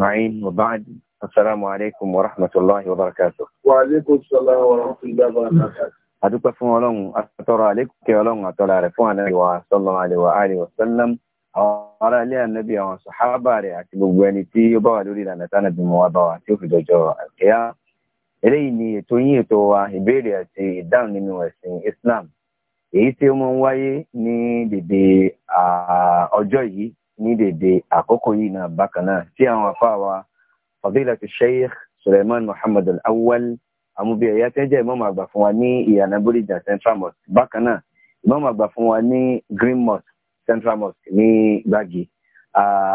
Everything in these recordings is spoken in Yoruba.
أجمعين وبعد السلام عليكم ورحمة الله وبركاته وعليكم السلام ورحمة الله وبركاته adúpẹ́ fún ọlọ́run atọ́rọ àlékùnkẹ́ ọlọ́run àtọ́lá rẹ̀ fún ànábì wa sallallahu alaihi wa alihi wa sallam àwọn ará ilé ànábì àwọn sàhábà rẹ̀ àti gbogbo ẹni tí ó bá wà lórí ìlànà tánàbí mọ́ wa bá wa tí ó fi dọjọ́ àkẹ́yà eléyìí ni ètò yín ètò wa ìbéèrè àti ìdáhùn nínú ẹ̀sìn Islam èyí tí ó mọ́ ń wáyé ní dèdè ọjọ́ yìí ní dèdè àkókò yìí náà bákan náà tí àwọn afáwa fadilatu sheikh suleiman muhammad al-awwal amúbíyẹyà tẹ́jẹ́ imam àgbà fún wa ní ìyànà bóríjà central mosque bákan náà imam àgbà fún wa ní green mosque central mosque ní gbági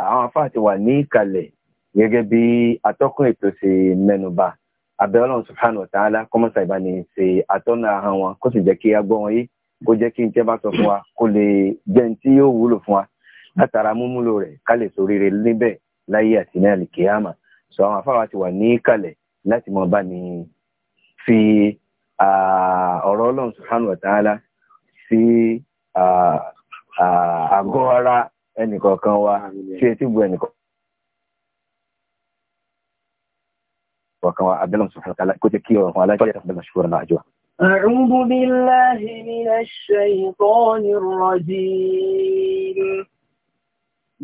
àwọn afáà ti wà ní kalẹ̀ gẹ́gẹ́ bí atọ́kùn ètò ṣe mẹ́nubà abẹ́ ọlọ́run subhanahu wa ta'ala kọ́mọ́sà ìbáni ṣe atọ́nà ahọ́n wọn kó sì jẹ́ kí a wọn yé kó jẹ́ kí n tẹ́ bá sọ fún wa kó lè jẹ́ ní tí yóò wúlò fún wa látara múmúlò rẹ̀ ká lè ṣoríire níbẹ̀ láyé àti ní àlìkéyàmà sọ àwọn afáwa ti wà ní kalẹ̀ láti mọ bá ní fi ọ̀rọ̀ ọlọ́run subhanahu wa ta'ala sí àgọ́ ara ẹnìkọ̀ọ̀kan wa ṣe tí bu ẹnìkọ̀ọ̀kan wa abẹ́lẹ̀ subhanahu wa ta'ala kó jẹ́ kí ọ̀rọ̀ fún aláìsí ọ̀rọ̀ fún aláìsí ọ̀rọ̀ àjọ. أعوذ بالله من الشيطان الرجيم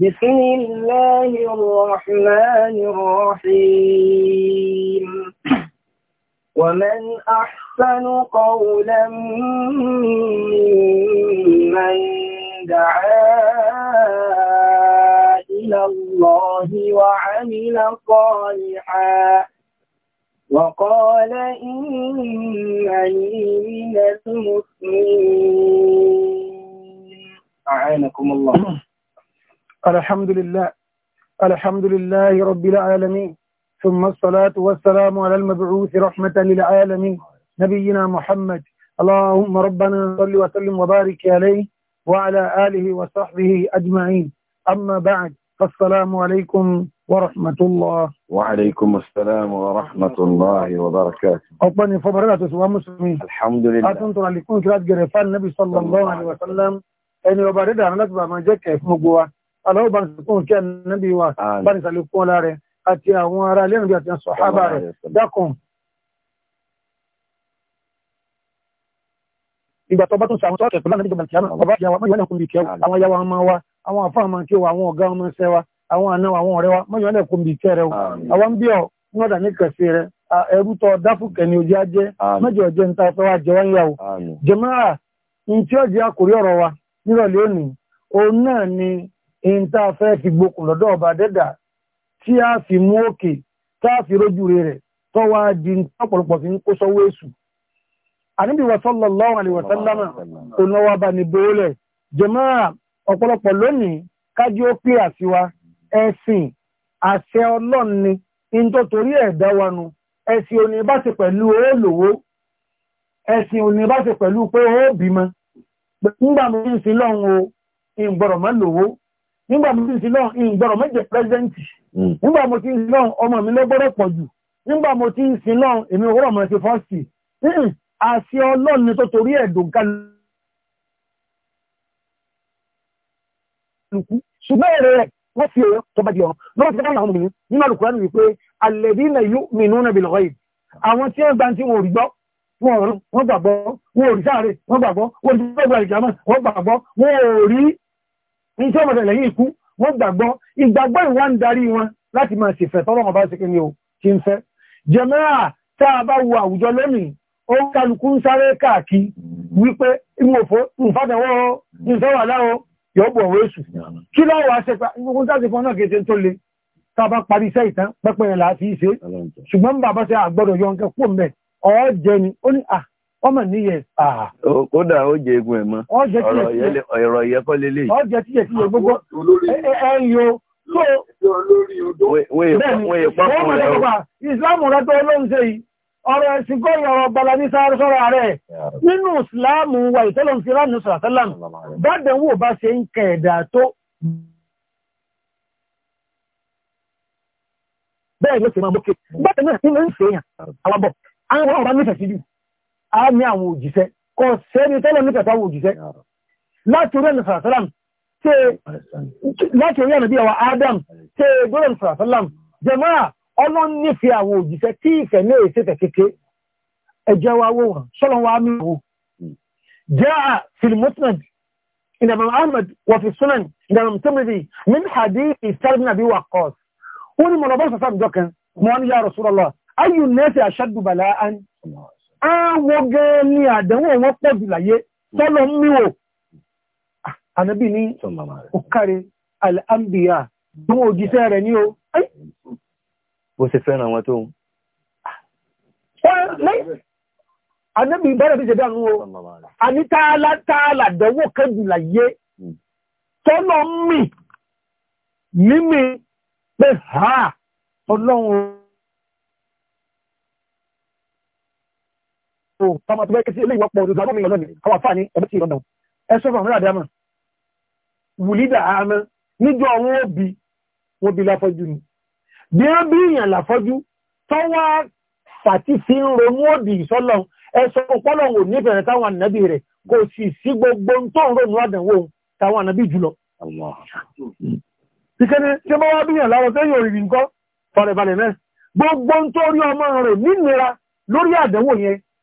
بسم الله الرحمن الرحيم ومن أحسن قولا ممن دعا إلى الله وعمل صالحا وقال إنني من المسلمين أعانكم الله الحمد لله الحمد لله رب العالمين ثم الصلاة والسلام على المبعوث رحمة للعالمين نبينا محمد اللهم ربنا صل وسلم وبارك عليه وعلى آله وصحبه أجمعين أما بعد فالسلام عليكم ورحمة الله وعليكم السلام ورحمة الله وبركاته أطلني فبركاته سواء مسلمين الحمد لله أتنطر لكم كرات جرفان النبي صلى الله عليه وسلم أن يبارد عن نسبة ما جاك يفمقوا aláwọ̀ bá a sọ fún kí ànábì wa bá ọlá rẹ̀ àti àwọn ará ilé ìrìnàjò àti àwọn sọ̀hábà rẹ̀ dákun. ìgbà tó bá tún sàmúsọ́ ọ̀tẹ̀ pẹ̀lú ànábì jọba bàbá àwọn ìyá wa ọmọ àwọn kí àwọn ọmọ wa àwọn àna àwọn wa kẹrẹ o àwọn ń bí ọ ní kẹsì rẹ ẹrú tọ ojú in fẹ́ ọba dẹ́dà tí a fi mú òkè tá a fi rójú rẹ̀ tó di ọ̀pọ̀lọpọ̀ fi ń kó sọ́wọ́ èṣù. àníbi sallallahu alaihi wa sallam òun wá bá ní bóólẹ̀ ọ̀pọ̀lọpọ̀ lónìí kájú ó pè àsíwá ẹ̀sìn àṣẹ tó torí ẹ̀dá wa nu ẹ̀sìn òní bá pẹ̀lú olówó ẹ̀sìn òní bá nígbà mo ti ń sin náà ìgbọ̀rọ̀ méje pẹ́sẹ́ǹtì nígbà mo ti ń sin náà ọmọ mi ló gbọ́dọ̀ pọ̀ jù nígbà mo ti ń sin náà èmi òwúrọ̀ ọmọ ẹ̀sìn fọ́ọ̀sì àṣẹ ọlọ́run ni tó torí ẹ̀dùn kálukú ṣùgbọ́n èrè rẹ̀ wọ́n fi èrè tó bá di ọ̀rọ̀ lọ́wọ́ ti dáhùn àwọn obìnrin nínú àlùkùránì wípé alladhina yu'minuna bil ghaib àwọn tí wọ́n gbà tí wọ́n rí gbọ́ wọ́n ọ̀rọ̀ wọ́n gbàgbọ́ wọ́n rí sáré wọ́n gbàgbọ́ wọ́n rí sáré wọ́n gbàgbọ́ wọ́n rí ní tí ọmọ tẹ̀lẹ̀ yìí ikú wọ́n gbàgbọ́ ìgbàgbọ́ ìwà ń darí wọn láti máa ṣèfẹ́ tọ́lọ́mọ bá ṣekí ni o ti ń fẹ́ jẹmẹ́rà tá a bá wo àwùjọ lónìí ó ń kálukú ń sáré káàkí wípé ìmòfó ìfàdàwọ́ ìfẹ́wà láwọ́ yọ̀bọ̀ wéṣù kí láwọ̀ àṣẹpá ìgbógun sáà ti fọ́n náà kéde tó le tá a wọ́n mọ̀ níyẹ. kódà ó jẹ egun ẹ̀ mọ́ ọ̀rọ̀ yẹ kọ́ lélẹ̀ yìí. ọ̀jẹ̀ tíyẹ̀ tíyẹ̀ gbogbo ẹ̀yìn o tó bẹ́ẹ̀ni wọ́n mọ̀ lẹ́kọ̀ọ́ ìsìláàmù rẹ tó ló ń ṣe yìí ọ̀rọ̀ ẹ̀sìn kọ́ ọ̀rọ̀ bala ní sáré sọ́rọ̀ rẹ̀ nínú ìsìláàmù wa ìtọ́lọ̀ ń fi ránù sàtọ́lá bàdẹ̀ wò bá ṣe ń kẹ̀ẹ̀dà tó bẹ́ẹ̀ ló ti máa mọ́kè bàtẹ̀ náà ní ń ṣe èèyàn àwọn bọ̀ àwọn ọ̀rọ̀ nífẹ̀ẹ́ sí a ní àwọn òjìṣẹ́ kọ sẹ́ni tọ́lọ̀ ní kẹta òjìṣẹ́ láti orí ẹ̀nà sàrásálàm tẹ́ láti orí ẹ̀nà bí ọwà Adam tẹ́ gbọ́dọ̀ ní sàrásálàm jẹmọ́ra ọlọ́ nífẹ́ àwọn òjìṣẹ́ tí ìfẹ́ náà ṣe tẹ̀ kéke ẹjẹ́ wa wò wọ́n sọ́lọ́ wa mí wò jẹ́ à filimotland ìdàbọ̀ Ahmed wọ́fi sunan ìdàbọ̀ tẹ́mẹ́dì min Àwọ̀ gan ni àdánwò wọn pọ̀ jù láyé tọ́lọ ń míwò. Ah, Ànábì ní òkàrẹ al'ambiya tó wọ́n òjíṣẹ́ rẹ̀ ní o. Bó ṣe fẹ́ràn wọn tó ń. Ah. Ànábì bẹ́rẹ̀ bí ṣe dánú o. Àní tààlà tààlà dánwò kan jù láyé hmm. tọ́lọ ń mì mímì pé ha ọlọ́run so tọmọ tó bẹ́ kí sí ilé ìwọ́pọ̀ ọdún ìgbàgbọ́ mi lọ́nà àwọn àfáà ní ẹ̀bí tí ìrọ̀nà ẹ sọ fún àmúlà dáama wùlídà àmọ́ níjọ wọn ó bi wọn bi láfọ́jú ni bí wọ́n bí ìyàn láfọ́jú tọ́wọ́ fàtí fi ń ronú òdì ìsọ́lọ ẹ sọ pọ́lọ̀ wò nífẹ̀ẹ́ táwọn ànábì rẹ̀ kò sì sí gbogbo tó ń ronú àdánwò táwọn um ànábì jùlọ. ìkẹ́ni tí wọ́n wá bí ìyàn láwọ́ sẹ́yìn òrìrì nǹkan fọ̀rẹ̀balẹ̀ náà gbogbo tó rí ọmọ rẹ̀ nínira lórí àdánwò yẹn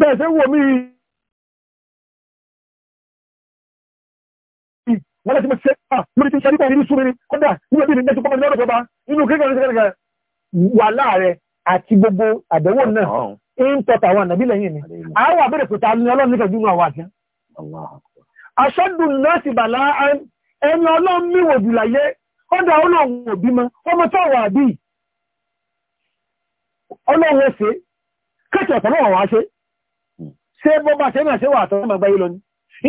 bẹ́ẹ̀ ṣe wò mí wọ́n lọ́ti mọ̀ ṣe à lórí tí ṣe nípa ìrírí súnmi kọ́dà nígbà tí ìrìnlẹ́tù kọ́mọ̀ lọ́dọ̀ tọba inú ní wà láàrẹ àti gbogbo náà ń ànàbí lẹ́yìn mi ọlọ́run àwọn náà bà ẹni ọlọ́run jù láyé ọlọ́run ọmọ tó wà ọlọ́run wá ṣe ṣé bó bá ṣe náà ṣe wà tọ́lọ́mà gbáyé lọ ní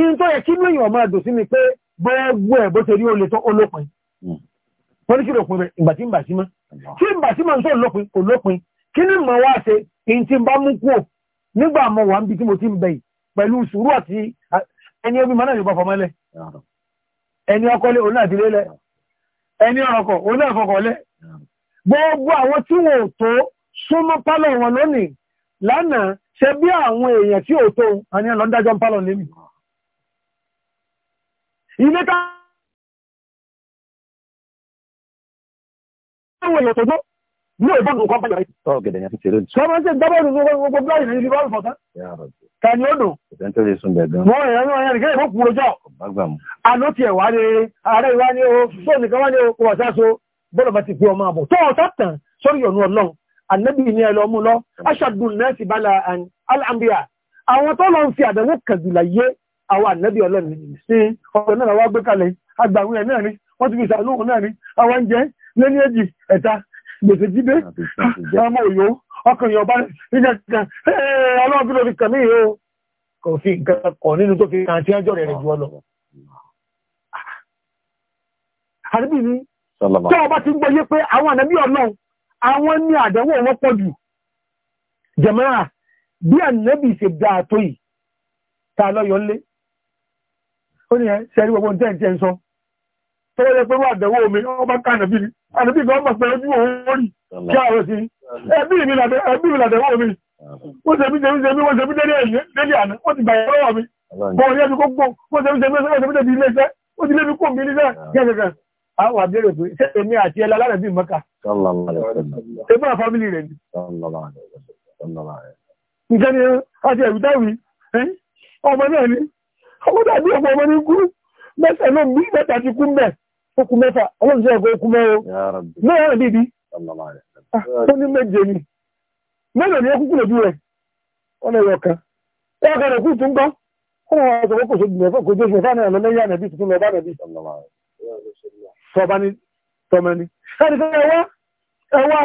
in tó yẹ kí ní èyàn máa dùn sí mi pé gbogbo ẹ̀ bó ṣe rí olè tó olópin pọ́lísì hmm. lòpin rẹ̀ ìgbà tí ń bà sí mọ́ tí ń bà sí mọ́ tó olópin olópin kí ní mọ̀ wá ṣe in ti bá mú kúò nígbà mọ̀ wà ń bi tí mo ti ń bẹ̀yì pẹ̀lú sùúrù àti ẹni omi mọ́ náà yóò bá fọmọ́ lẹ̀ ẹni ọkọlé òun náà dilé lẹ̀ ẹni ọkọ̀ òun náà ṣe bí àwọn èèyàn tí ò tó àní ọlọ́dájọ́ pálọ̀ lémi ilé táwọn èèyàn tó gbọ́ ní ìbọn nǹkan bá yàrá ọ̀gẹ̀dẹ̀ yẹn ti ṣeré jù sọ́mọ́ sí ti pé ọmọ àbọ̀ ànábì ní ẹlọ mú lọ mm. aṣàdù nẹ́ẹ̀sì bala alambia àwọn tó lọ ń fi àdánwò kẹ̀dùlà yé àwọn ànábì ọlọ́ni sí ọ̀rọ̀ náà wá gbé kalẹ̀ agbàwìn ẹ̀ náà ni wọ́n ti fi ìṣàlóhùn náà ni àwọn ń jẹ ah, ah. tí ọba ti ń gbọ́ yé pé àwọn ànábì ọlọ́run àwọn ní àdánwò wọ́n pọ̀ jù jẹ̀mọ́ra bí ànábì ṣe dáa tó yìí ta lọ́yọ́ lé ó ní ẹ ṣẹ́rí gbogbo tẹ́ tẹ́ ń sọ tọ́wọ́ yẹ pẹ̀lú àdánwò omi ọba ká ànábì ni ànábì kan mọ̀ pẹ̀lú ojú òun rí kí àrò sí ẹbí mi làdánwò omi wọ́n ṣe mí ṣe mí ṣe mí wọ́n ṣe mí délé àná wọ́n ti gbàyẹ̀ lọ́wọ́ mi bọ́ọ̀ yẹ́ mi kó gbó wọ́n ṣe mí ṣe mí wọ́n ṣe mí délé ilé iṣẹ́ ó ti lé mi kó mi níṣẹ́ gẹ́gẹ́gẹ́ àwọn àbẹ̀rẹ̀ pé ṣé èmi àti ẹlá lára bí mọ́kà ṣe bá fámílì rẹ̀ ni. ǹjẹ́ ni àti ẹ̀rù dáwì ọmọ náà ni ọmọ dàbí ọmọ ọmọ ní kú mẹ́fà ló bí mẹ́ta ti kú mẹ́ ó kú mẹ́fà ọmọ ìṣẹ́ ẹ̀kọ́ kú mẹ́ o mẹ́rin náà dìbí ah, ó ní méje ni mẹ́rin ni ó kúkú lójú rẹ̀ ọ̀nà ẹ̀yọ kan ẹ̀yọ kan rẹ̀ kú tún gbọ́ ó wọ́n sọ pé kò sóbi mẹ́fà kò jẹ́ ìṣẹ̀fà náà lọ́lẹ́yà nàbí tuntun lọ́ba nàbí sọba ní tọmẹni ẹnìkan ẹwà ẹwà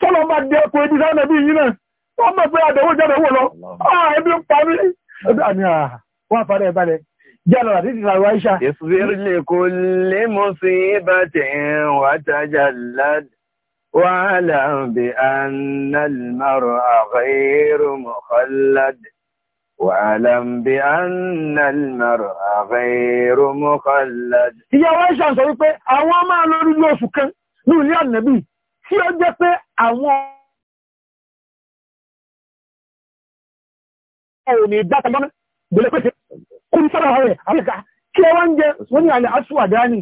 tọ́lọ́ máa dé ọkọ̀ ibi sáwọn ẹbí yìí náà wọ́n mọ̀ pé àdẹ̀wò jáde wò lọ ah, ẹbí ń pa mí àmì àwọn àfàdé ìbálẹ̀ jálọ àti ti sàrọ̀ àìṣà. ìṣúbírí lè kó lè mú sí ìbátẹ̀ wàtájà ládì wàhálà bí annal maro àgbẹ̀rù mọ̀kànládì. واعلم بان المرء غير مخلد ìyàwó aisha sọ wípé àwọn máa lórí ní oṣù kan ní ilé ànàbí tí ó jẹ́ pé àwọn òní dáta lọ́nà gbèlè pèsè kú ní sábà rẹ̀ àríkà kí ẹ wá ń jẹ wọ́n ní àlẹ́ aṣọ àdáni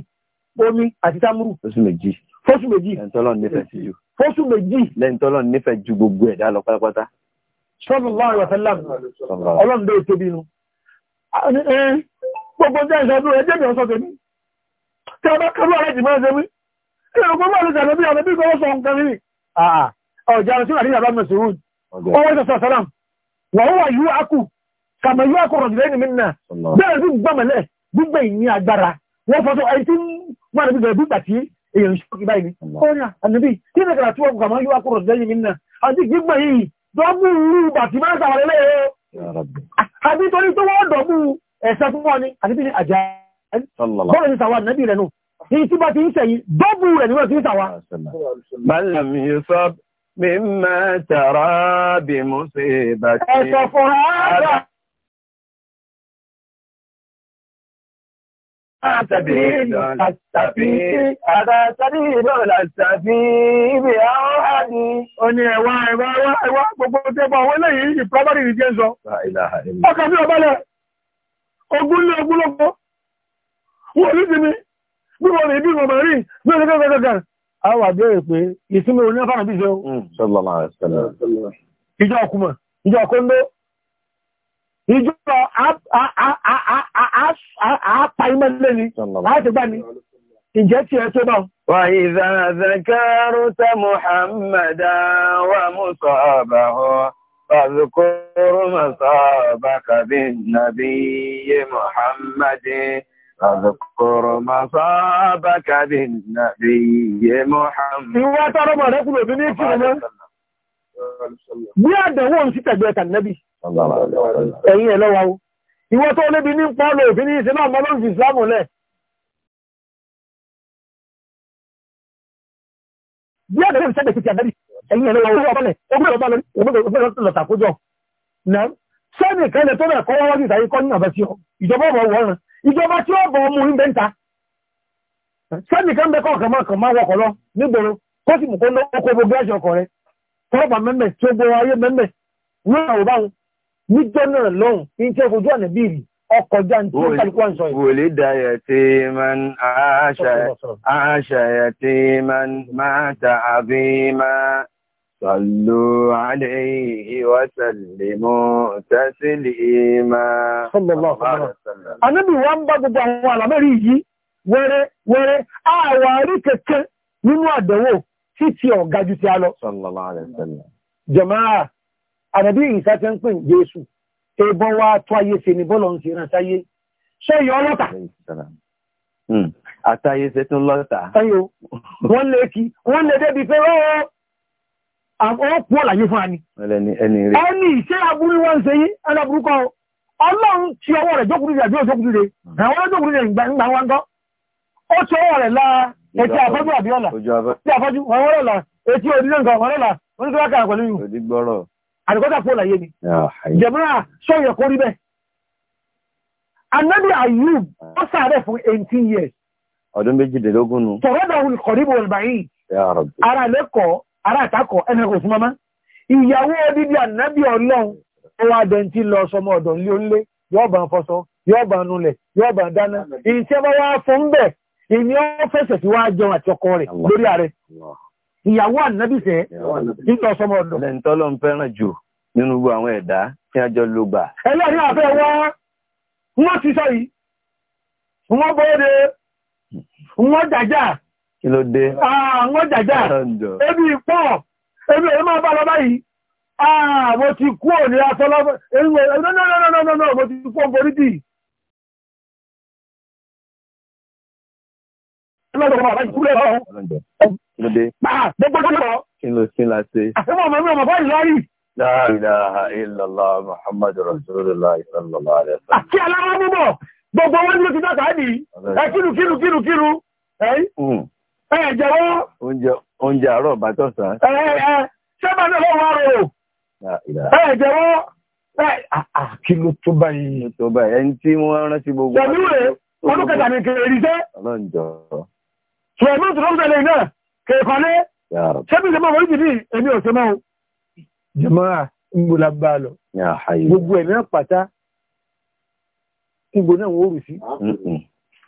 omi àti tamuru fóṣù méjì fóṣù méjì lẹ́ntọ́lọ́ nífẹ̀ẹ́ ju gbogbo ẹ̀dá lọ pátápátá sallallahu alaihi wasallam ọlọ́run bẹ́ẹ̀ tóbi inú gbogbo jẹ́ ìṣẹ́dún ẹjẹ́ mi ọ̀sọ́ tẹ̀mí tí ọba kẹrù ọ̀rẹ́ jì máa ṣẹ́mí tí ọba máa lè ṣàbẹ̀bí ọ̀rẹ́ bí kọwọ́ sọ nǹkan rí ọjà rẹ̀ síwà ní ìyàbá mẹ́sìrún ọwọ́ ìṣẹ́sọ̀ sọ́lám wọ́n wà yú akù kàmà yú akù rọ̀ jùlẹ́ nìmí nà bẹ́ẹ̀ sí gbọ́mọ̀lẹ̀ gbígbẹ̀ ìní agbára ní ọ̀rẹ́ ànàbí dọ́bù bàtí máa sàwọ̀lẹ́ lẹ́yẹ àbí torí tó wọ́n dọ̀bù ẹ̀sẹ̀ fún wọn ni àti bí ní àjá bọ́ọ̀lù ní sàwọ̀ nẹ́bí rẹ̀ nù ní tí bá ti ń sẹ̀yí dọ́bù rẹ̀ níwọ̀n tí ń sàwọ̀. malam yusuf mímọ́ tàrà bí mo ṣe bàtí. ẹ̀sọ̀ fún السبيل السبيل هذا سبيل السبيل أوهدي Oni ẹ̀wà ẹ̀wà ẹ̀wà ẹ̀wà gbogbo tẹ́bọ̀ àwọn eléyìí ní primary ní jẹ́ sọ. Ọkà bí ọbálẹ̀, ogún ní ogún lọ́pọ̀, wọ́n ní ti mi, bí wọ́n rí bí wọ́n mẹ́rí, bí wọ́n rí gẹ́gẹ́gẹ́. A wà bẹ́ẹ̀ pé ìsinmi onífàànà bí ṣe ó. Ìjọ ọkùnmọ̀, ìjọ ọkùnmọ̀ ìjọ àápa iná láti gbá ní ìjẹ́ tí ẹ tó bá. Wà ìzà zakarú ta Muhammadu wa Musa ọba fàzùkúrú Musa ọba nàbí yé Muhammadu. فاذكر مصابك بالنبي محمد. Ìwọ́n tọrọ mọ̀ rẹ́kùnrin òbí ní ìkìrìnà. Bí àdánwò ń sí tẹ̀gbẹ́ kan nábì ẹ̀yìn ẹ̀ lọ́wọ́ ìwọ́n tó lébi ní pọ́ọ̀lù òfin ní ìṣẹ́ náà mọ́lọ́n fi ìsìlámù lẹ̀ bí ẹ̀dẹ̀ lè sẹ́gbẹ̀ títí àdábì ẹ̀yìn ẹ̀ lọ́wọ́ ọ̀pọ̀lẹ̀ ogbẹ̀rọ̀ lọ́ta kójọ sẹ́nì kẹ́lẹ̀ tó rẹ̀ kọ́ wọ́n wájú ìtàyí kọ́ ní àbẹ́ sí ọ ìjọba ọ̀bọ̀ wọ́n ìjọba tí ó bọ̀ ọmọ ń bẹ́ ń ta sẹ́nì kan bẹ́ kọ́ọ̀kan máa kàn máa wọkọ̀ lọ nígboro kó sì mú kó lọ́kọ̀ gbogbo ẹ̀ṣọ́ ọkọ̀ rẹ̀ tọ́lọ́pàá mẹ́mẹ́ tí ó gbọ́ ayé mẹ́mẹ́ ní àwòbáwọn níjọ́ náà lọ́hùn ní tí ẹ̀fọ́jú ànábì rí ọkọjá ní tí kálukú à ń sọ yìí. wòlé dayẹ tí man àṣàyẹ tí man máa ta àbí máa sọ̀lù àlẹ́yìí wà sàlẹ̀mọ́ tẹ́sílì máa. ànábì wa ń bá gbogbo àwọn àlámẹ́rí yìí wẹ́rẹ́ wẹ́rẹ́ àwárí kẹ̀kẹ́ nínú àdánwò títí ọ̀gájú tí a lọ. jàmáà àdàbí ìsá ti ń pè jésù ebọ́ wá tó ayé ṣe ní bọ́ọ̀lù ń ṣe ràn sáyé ṣé ìyá ọlọ́ta. Hmm. àtàyè ṣe tún lọ́ta. ẹyọ wọn lè kí wọn lè débi pé ó àwọn pọ̀ láyé fún ani. ẹni ìṣe aburú wọn ṣe yí aláburúkọ ọlọ́run ti ọwọ́ rẹ̀ jókòó rẹ̀ àbí òjókòó rẹ̀ hmm. àwọn olójókòó rẹ̀ ìgbà wọn gọ́ ó ti ọwọ́ rẹ̀ la, etí afọ́jú àbí ọ̀la etí afọ́jú wọn wọ́n lọ́la etí onílé nǹkan wọn lọ́la oníkọ́lákà pẹ̀lú yìí àdìkọ́dà fún òlàyé ni jẹ̀mọ́ra sọ́yẹ̀ kó rí bẹ́ anábì Ayub ó sàárẹ̀ fún 18 years ọdún méjìdínlógún nù tọ̀rọ̀dà òun kọ̀ríbù olùbáyìn ara lẹ́kọ̀ọ́ ara àtakọ̀ ẹnìkan fún mama ìyàwó odidi anábì ọlọ́run ó wá dẹ̀ntì lọ sọmọ ọ̀dọ̀ nílé onílé yóò bá ń fọṣọ yóò bá ń nulẹ̀ yóò bá ń dáná ìyìn tí a bá wá fún bẹ́ẹ̀ ìní ó fẹsẹ̀ sí wá jẹun àti ọkọ rẹ̀ lórí ààrẹ ìyàwó ànábìsẹ́ nítorí ọsọmọ ọdọ. lẹ́ńtọ́lọ́ ń fẹ́ràn jù nínú gbogbo àwọn ẹ̀dá tí a jọ ló gbà. ẹlẹ́rìí àfẹ́ wá wọ́n ti sọ yìí wọ́n bóde wọ́n jàjà. kí ló dé. wọ́n jàjà ebi pọ̀ ebi èyí máa bá lọ báyìí. mo ti kú òní asọ́lọ́fẹ́ no mo ti kú òǹborí dì í. lọ́dọ̀ ọmọ àbájú kúrẹ́ ọ̀hún. lóde. gbogbo gbogbo. kí ló sí la ṣe. àfẹ́mọ̀ ọmọ mi ọmọ bá yìí lọ́rì. La ilaha illallah Muhammadu Rasulullah sallallahu alaihi wasallam. Àti aláwọ̀ mímọ̀ gbogbo wọn ló ti dá sáàdì. Ẹ kíru kíru kíru kíru. Ẹ jẹ́wọ́. Oúnjẹ àárọ̀ bàtọ̀ sàn. Ẹ ẹ ṣé bá ní ọlọ́run àrò? Ẹ jẹ́wọ́. Kí ló tó báyìí? Ẹni tí wọ́n rántí gbogbo. Tẹ̀mí rẹ̀, ọdún kẹta ni kèrè rí sẹ́. Ọlọ́njọ́ ṣùgbọ́n tó ń tẹ̀lé náà kẹfàlẹ́ ṣẹ́bí ìjọba wọ́n jìdí ẹni ọ̀sẹ̀ máa jẹmọ́ra ń gbò lábá lọ gbogbo ẹ̀mí pàtá ìgbò náà wọ́n rù sí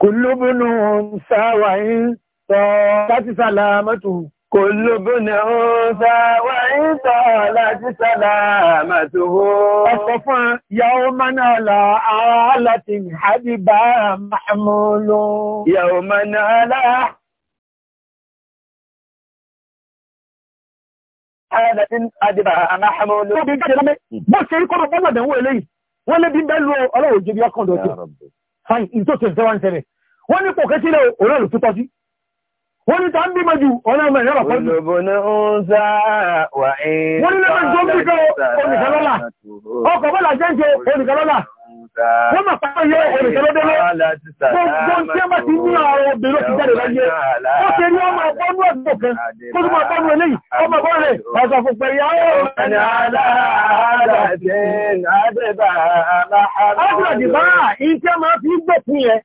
kò lóbónú sáwàáyín tọ́ láti sàlámọ́tò kò lóbónú sáwàáyín tọ́ láti sàlámọ́tò ọ̀pọ̀ fún yàwó mánàlá àálàtì àdìbà mahmulu yàwó mánàlá ayẹ́dẹ̀sìn adìbàrà anáhàmọ́ olóòrùn. Bọ́ọ̀bì jáde lábẹ́, bó ṣe rí kọ́nà bọ́ọ̀lù àdánwò eléyìí, wọ́n lé bí bẹ́ẹ̀ lu ọlọ́wọ́ òjòbí ọkàn lọ́tọ̀. Fáìn, Wọ́n ní kò tó ń bímọ ju ọ̀nà ọmọ ìyá bàbá ń bí kẹ́ Wọ́n máa pàpọ̀ yẹ olùsọ́lọ́dọ́lọ́. Gbogbo tí a máa ti ní àwọn obìnrin ti jáde láyé. Ó ṣe ní ọmọ ọgbọ́nú ọ̀gbọ̀n kan. Kó tó máa bọ́nú eléyìí, ọmọ ọgbọ́n rẹ̀, ọ̀sọ̀ fún pẹ̀lú àwọn ọ̀rẹ́. Àdìbá, ìyí tí a máa fi gbòkun yẹn.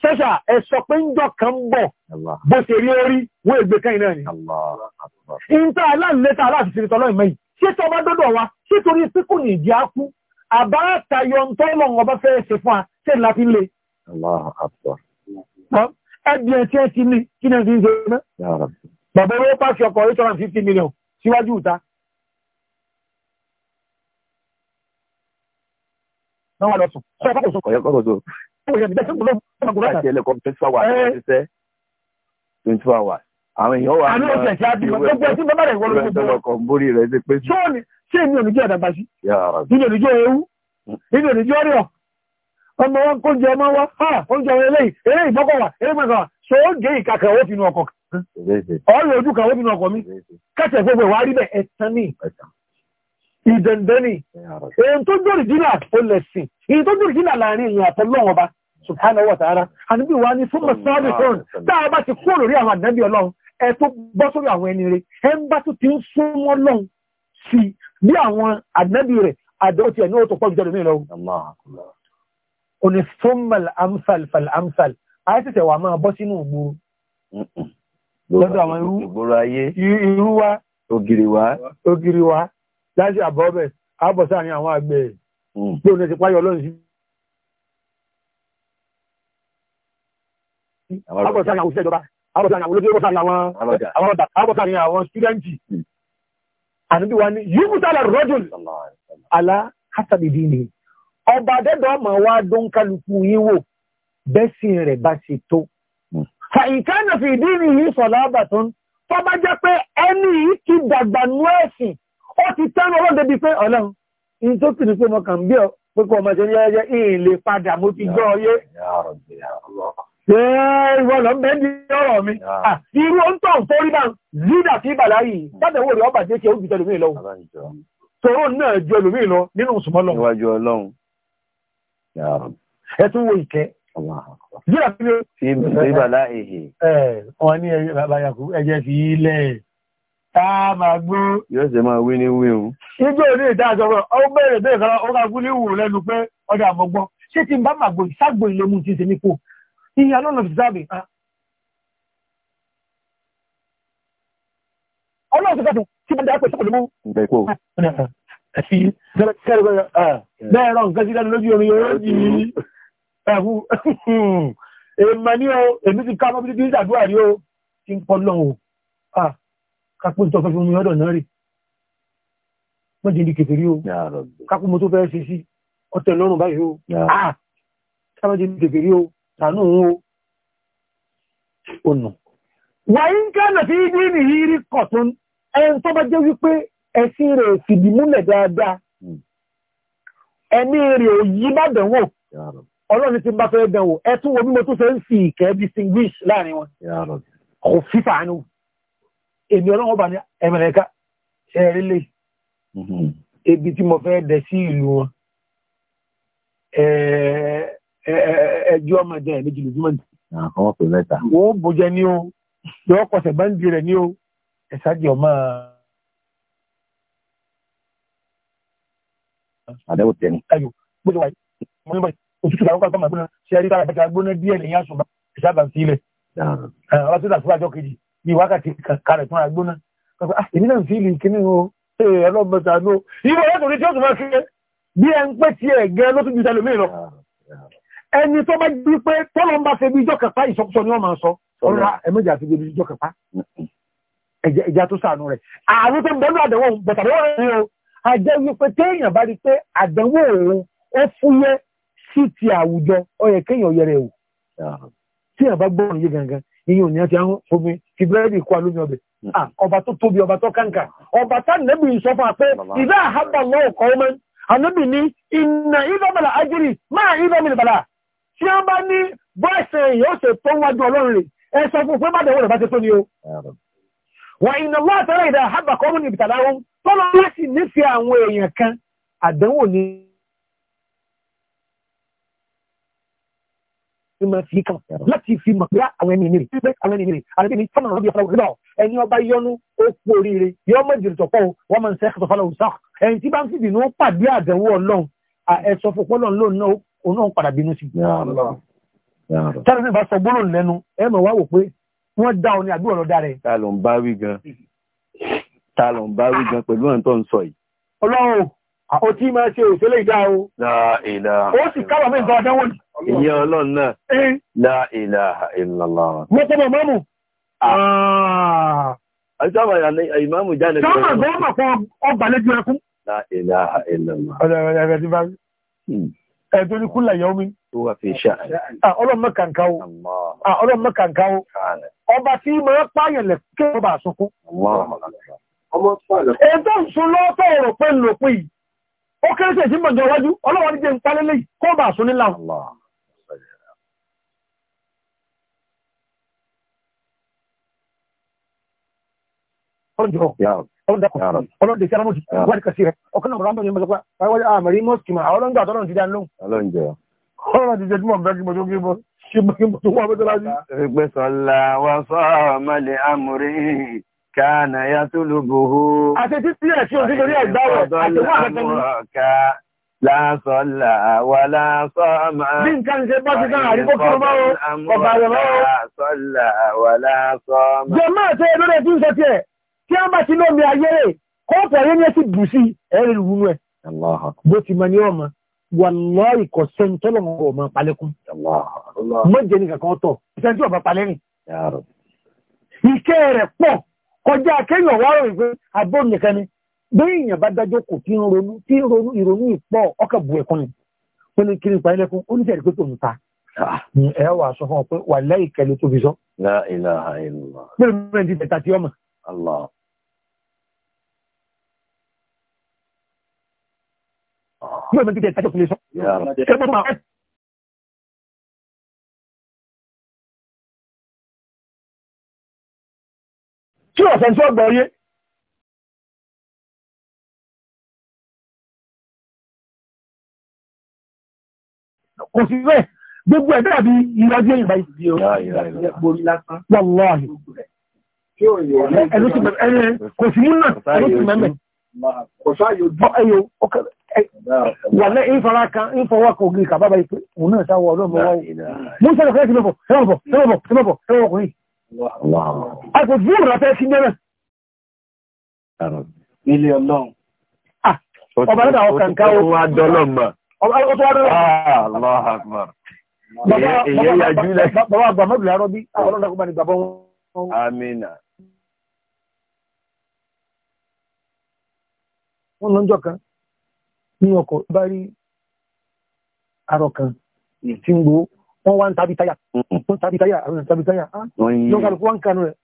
Ṣẹ́ṣà ẹ̀sọ̀ pé ń jọ kan bọ̀ bó ṣe rí orí wọ́n ègbè kan náà ni. Ìyí tí aláàlẹ́ta aláàfisìrìtọ́lọ́ ìmẹ́yìn. Ṣé tọ́ bá dọ́dọ̀ wa? Ṣé torí síkù ní ìdí á kú? àbá àtàyọ ń tọ́lọ̀ ọba fẹ́ ṣe fún a ṣe ńlá fi ń le. ẹbí ẹ̀ tí ẹ ti ní kí ni ẹ fi ń ṣe náà. bàbá owó pàṣẹ ọkọ̀ eight hundred and fifty million síwájú ìta. náà wà lọ sùn hours àwọn èèyàn wà ní ọ̀sẹ̀ tí a bí wọn gbogbo ẹtí bàbá rẹ̀ wọ́n ló gbogbo ọkọ̀ ń borí rẹ̀ ṣe ọmọ wọn kó jẹ ọmọ wọn ha oúnjẹ wọn eléyìí eléyìí bọ́kọ̀ wà eléyìí mọ̀kọ̀ wà so ó jẹ́ ìka kan ó fi nu ọkọ̀ kan ọ̀rẹ́ ojú kan ó fi nu ọkọ̀ mi kẹsẹ̀ gbogbo ìwà rí bẹ́ẹ̀ ẹ̀tàn ní ìdẹ̀ndẹ́ni èyí tó jòrì jìnnà ó lẹ̀ sìn èyí tó jòrì ẹ tó bọ́ sórí àwọn ẹni rẹ̀ ẹ ń bá tó ti ń sún wọn lọ́hùn sí bí àwọn ànábì rẹ̀ àdéhùn tiẹ̀ ní ó tó pọ̀ jù mí lọ. ó ní fúnmal amsal fal amsal ayé tẹ̀tẹ̀ wà máa bọ́ sínú ìgboro lọ́dọ̀ àwọn irú ìgboro ayé irú wa ògiri wa ògiri wa láti àbọ̀bẹ̀ àbọ̀sá ni àwọn àgbẹ̀ tó mm. ní ti páyọ̀ lọ́nà sí àbọ̀sá ni àwọn òṣìṣẹ́ ìjọba àwọn ọ̀sán àwọn olóṣèlú ọ̀sán àwọn ọ̀dà àwọn ọ̀sán àwọn sídẹ́ǹtì hmm. àníbí wa ní yíkú sálà rọ́jùl alá hásàbìdì ni ọba dẹ́dọ̀ ọmọ wa dún kálukú yín wò bẹ́sìn rẹ̀ bá ṣe tó hmm. fa ìkánà fi ìdí ni yìí sọ̀lá àbàtún tó bá jẹ́ pé ẹni yìí ti dàgbà nú ẹ̀sìn ó ti tẹ́nu ọlọ́run débi pé ọlọ́run ní tó sì ní pé mo kàn bí ọ pé kó ọmọ ṣe ń yẹ́yẹ́ ìhìn lè padà mo ti gbọ́ ọ yé. Ìwọ̀lọ̀ mẹ́rin ọ̀rọ̀ mi. Ah. Ah, irú ó ń tọ̀ fórí bá zídà sí ìbàlá yìí, tàbẹ̀wò rẹ̀ ọba jẹ́ kí ó jù tẹ́lùmí lọ. Tòrò náà jù ẹlùmí lọ nínú ìsùnmọ́ lọ. Níwájú Ọlọ́run. Ẹ tún wo ìkẹ́. Zídà sí ìbàlá èhè. Wọ́n ní bàbá Yakú ẹjẹ́ fi ilẹ̀ tá a máa gbó. Yóò ṣe máa wí ní wíwú. Ijó ní ìdájọ́ rẹ̀, ó bẹ̀rẹ̀ bẹ́ẹ̀ kan, ó ká gúlé wù lẹ́nu pé ọjà àmọ́gbọ́n. Ṣé ti bá màgbò ìṣàgbò ilé mú ti ṣe nípò? He alone observing. Ọlọ́run ti gbádùn tí wọ́n dáa pẹ̀ sọ́kùnrin mú. Bẹ́ẹ̀ kó. Àti bẹ́ẹ̀ rọ nǹkan sí dánu lójú orin yóò jì í. Ẹ̀fú èèmọ̀ ní o, èmi ti ká mọ́bílí tí ń ṣàdúrà rí o, ti ń pọ́n lọ́wọ́. Kápú ìtọ́ fẹ́ fún mi ọ̀dọ̀ náà rè. Wọ́n jẹ́ ní kékeré o. Kápú mo tó fẹ́ ṣe sí ọ̀tẹ̀ lọ́rùn báyìí o. Ah. Kápú jẹ́ ní kékeré o sànú ònà wà ń kẹ́nà tí ìdí ní ìrí kọ̀tún ẹn tó bá jẹ́ wípé ẹ̀sìn rẹ̀ fìdí múlẹ̀ dáadáa hmm. ẹni rẹ̀ ò yí bá dẹ̀wò ọlọ́run ti bá fẹ́ dẹ̀wò ẹtún wo bí mo tún fẹ́ ń fi ìkẹ́ distinguish láàrin wọn kò fífà ánú èmi ọlọ́run ọba ní ẹ̀mẹ̀rẹ̀ká ṣẹ́rí lè ebi tí mo fẹ́ dẹ̀ sí ìlú wọn ẹ̀ẹ́ ẹjọ́ ọmọ ẹ̀dá ẹ̀ méjì lójúmọ́ ni. àwọn ah, pè mẹ́ta. wo bójẹ ni o yọ kọsẹ̀ báńdì rẹ̀ ni o ẹ̀sájì ọmọ. àdéhùn tẹ̀ ní. ayo gbọ́dọ̀ wáyé mo ní báyìí òtútù làwọn kan tó máa gbóná ṣe àríkà àgbẹ̀ká gbóná díẹ̀ lẹ́yìn àṣùbà ìṣàbà sílẹ̀. ọlọ́sí ìdàkúrò àjọ kejì ní wákàtí kàrẹ̀ tó máa gbóná. Ah, èmi náà ń fi ìlú kíní o ẹlọ́gbọ̀ta ló. ìwọ ọlọ́tò ní tí ó tún máa kéré bí ẹ ń pẹ́ tiẹ̀ gẹ́ ló tún ju tẹlẹmí lọ ẹni tó bá jí pé tọ́lọ́n bá ṣe bí ìjọ kẹfà ìsọkúsọ ni wọ́n máa sọ ọ̀rọ̀ ẹ̀mẹ́jà àti ibi ìjọ kẹfà ẹ̀já tó sànù rẹ̀ ààrùn tó ń bẹ́ẹ̀ ní àdánwò bọ̀tàdánwò rẹ̀ o àjẹ́ wípé téèyàn bá rí pé àdánwò òun ó fúyẹ́ sí ti àwùjọ ó yẹ kéèyàn yẹrẹ wò téèyàn bá gbọ́ràn yé gangan ìyẹn ò ní àti àwọn omi fi búrẹ́dì kó alómi ọbẹ̀ mm. ọba tó tóbi ọba tó kàǹkà ọba tá nẹ́bì sọ fún wa pé ìdá àhábà lọ́wọ́ kọ́ ọmọ anábì ní ìnà ìdọ́bẹ̀là ajírí máa ìdọ́bẹ̀là tí wọ́n bá ní bọ́ẹ̀sẹ̀ yóò ṣe tó wájú ọlọ́run rẹ̀ ẹ sọ fún pé bàdàwọ̀ rẹ̀ bá ṣe tó ni o wà iná wọ́n àtẹ́rẹ́ ìdá àbà kọ́mù ní ìbìtàláwọ́ tó lọ wá sí nífẹ̀ẹ́ àwọn èèyàn kan àdánwò ni ma fi kan láti fi mọ̀ pé àwọn ẹni ìnire pé àwọn ẹni ìnire àti ní fọ́nà rọ́bì ọ̀fọ́lọ́wọ́ rírọ̀ ẹni ọba yọnu ó kú oríire yọ mọ́ ìdìrì tọ̀pọ̀ wọ́n máa ń sẹ́kọ̀tọ̀ fọ́lọ́wọ́ sáà ẹni tí bá ń fìdí ní ó pàdé àdánwò ọlọ́run ẹ̀sọ́ fòpọ́lọ́ lónìí náà ó onáà padà bínú sí tẹ́lẹ̀ ní ìbáṣọ gbólóhùn lẹ́nu ẹ mọ̀ wá wò pé wọ́n dá ọ ní àbí ọ̀rọ̀ dá rẹ̀. ta ló ń bá wí gan ta ló ń bá wí gan pẹ̀lú ọ̀n tó ń sọ yìí. ọlọ́run ó tí máa ṣe òṣèlè ìdá o. la ilaha ó sì kábàámọ̀ mẹ́ta ọ̀dánwò ni. ìyẹn ọlọ́run náà la ilaha illallah. mo kọ́ mọ̀ mọ́mù. àìsàn ìmáàmù jáde. sọ́mà gbọ́mà kan ọgbàlejò ẹkún. la ẹ̀dùn ní kúlà yọ́mí. ọlọ́mọ kankan o ọlọ́mọ kankan o ọba tí mo ń pààyàn lẹ̀ kí wọ́n bá sunkún. ètò ìṣúná tó rò pé lòpin yìí ó kéré sí ìdí mọ̀jọ́ iwájú ọlọ́wọ́n ní jẹ́ ń palẹ́lẹ́ yìí kó bá sun nílà. ọlọ́jọ́ ọlọ́dàkọ̀ ọlọ́dẹ sí alámọ̀jì wáyé kàṣí rẹ̀ ọ̀kan náà rámbọ̀ yẹn mọ̀ sọ́kọ́ wáyé àmọ̀rí mọ́sùkì mà ọlọ́ngbà tọ́lọ́n ti dá lóhùn. ọlọ́njọ́ ọlọ́run ti jẹ́ tí mo bẹ́ kí mo tó kí mo ṣe mo kí mo tó wà bẹ́tẹ̀ láti. ẹgbẹ́ sọ̀la wà sọ ọmọlẹ̀ ya tó ló bòhó. àti títí ẹ̀ sí òsì lórí ẹ̀gbá rẹ̀ àti wọ́n àfẹ́fẹ́ lásọ̀là wà lásọ̀ máa. bí nǹkan ṣe bá ti kán àríkó kí o máa ń ọba rẹ̀ máa ń. lásọ̀là wà lásọ̀ máa. jẹ́ máa lórí ẹ̀ tí ń ṣe tiẹ̀ tí a bá ti lómi ayẹ́rẹ́ kọ́ọ̀tọ̀ ayé ní ẹ ti bù sí ẹ̀rẹ́ ìlú rẹ̀ bó ti mọ ní ọmọ wàláì kò sẹ́ńtọ́lọ̀ ọmọ palẹ́kún mọ́jẹ́ ní kankan tọ̀ sẹ́ńtọ́ ọba palẹ́rìn ìkẹ́ rẹ̀ pọ̀ kọjá akẹ́yìn ọ̀wárọ̀ ìwé abọ́ nìkan ni bí èèyàn bá dájọ́ kò tí ń ronú tí ń ronú ìrònú ìpọ̀ ọkà bu ẹ̀kún ni ó ní kí ni pa ẹlẹ́kún ó ní sẹ́ẹ̀rì pé kò ń ta ah. ẹ wà sọ fún ọ pé wàláì kẹlẹ́ tó fi sọ. La ilaha illallah. bí yóò mẹ́rin títẹ̀ ìtajọ́ fúnlẹ̀ sọ. kí ọ̀sẹ̀ tí ó gbọ́ yé kò sí rẹ̀ gbogbo ẹ̀ dàbí ìrọ̀jú èyìn báyìí borí lásán wọ́n lọ́ọ̀hìn kò sí múnà ẹ̀rọ sí mẹ́mẹ́ ọ̀ṣáyò jọ ẹyọ wàlẹ́ ìfara kan ìfọwọ́ kan ògiri kàbábà ìpé òun náà sáwọ́ ọlọ́mọ wọ́wọ́ mú sẹ́lẹ̀ fẹ́ tìmọ̀bọ̀ tìmọ̀bọ̀ tìmọ̀bọ̀ tìmọ̀bọ̀ tìmọ̀kùnrin àìkò fún ìrọ̀ fẹ́ sí jẹ́rẹ̀ ilé ọlọ́run ọba lọ́dà ọkàn ká ó wá dọ́lọ́mọ̀ bàbá àgbà mọ́bìlá rọ́bí àwọn ọlọ́dà kó bá ní bàbá wọn wọ́n lọ́jọ́ kan ní ọkọ̀ bá rí arọ kan tí ń gbó wọ́n wá ń tàbí táyà mm-hmm. wọ́n tàbí táyà àwọn tàbí táyà lọ́gbà ah, lọ́kọ́ wọ́n kanú rẹ̀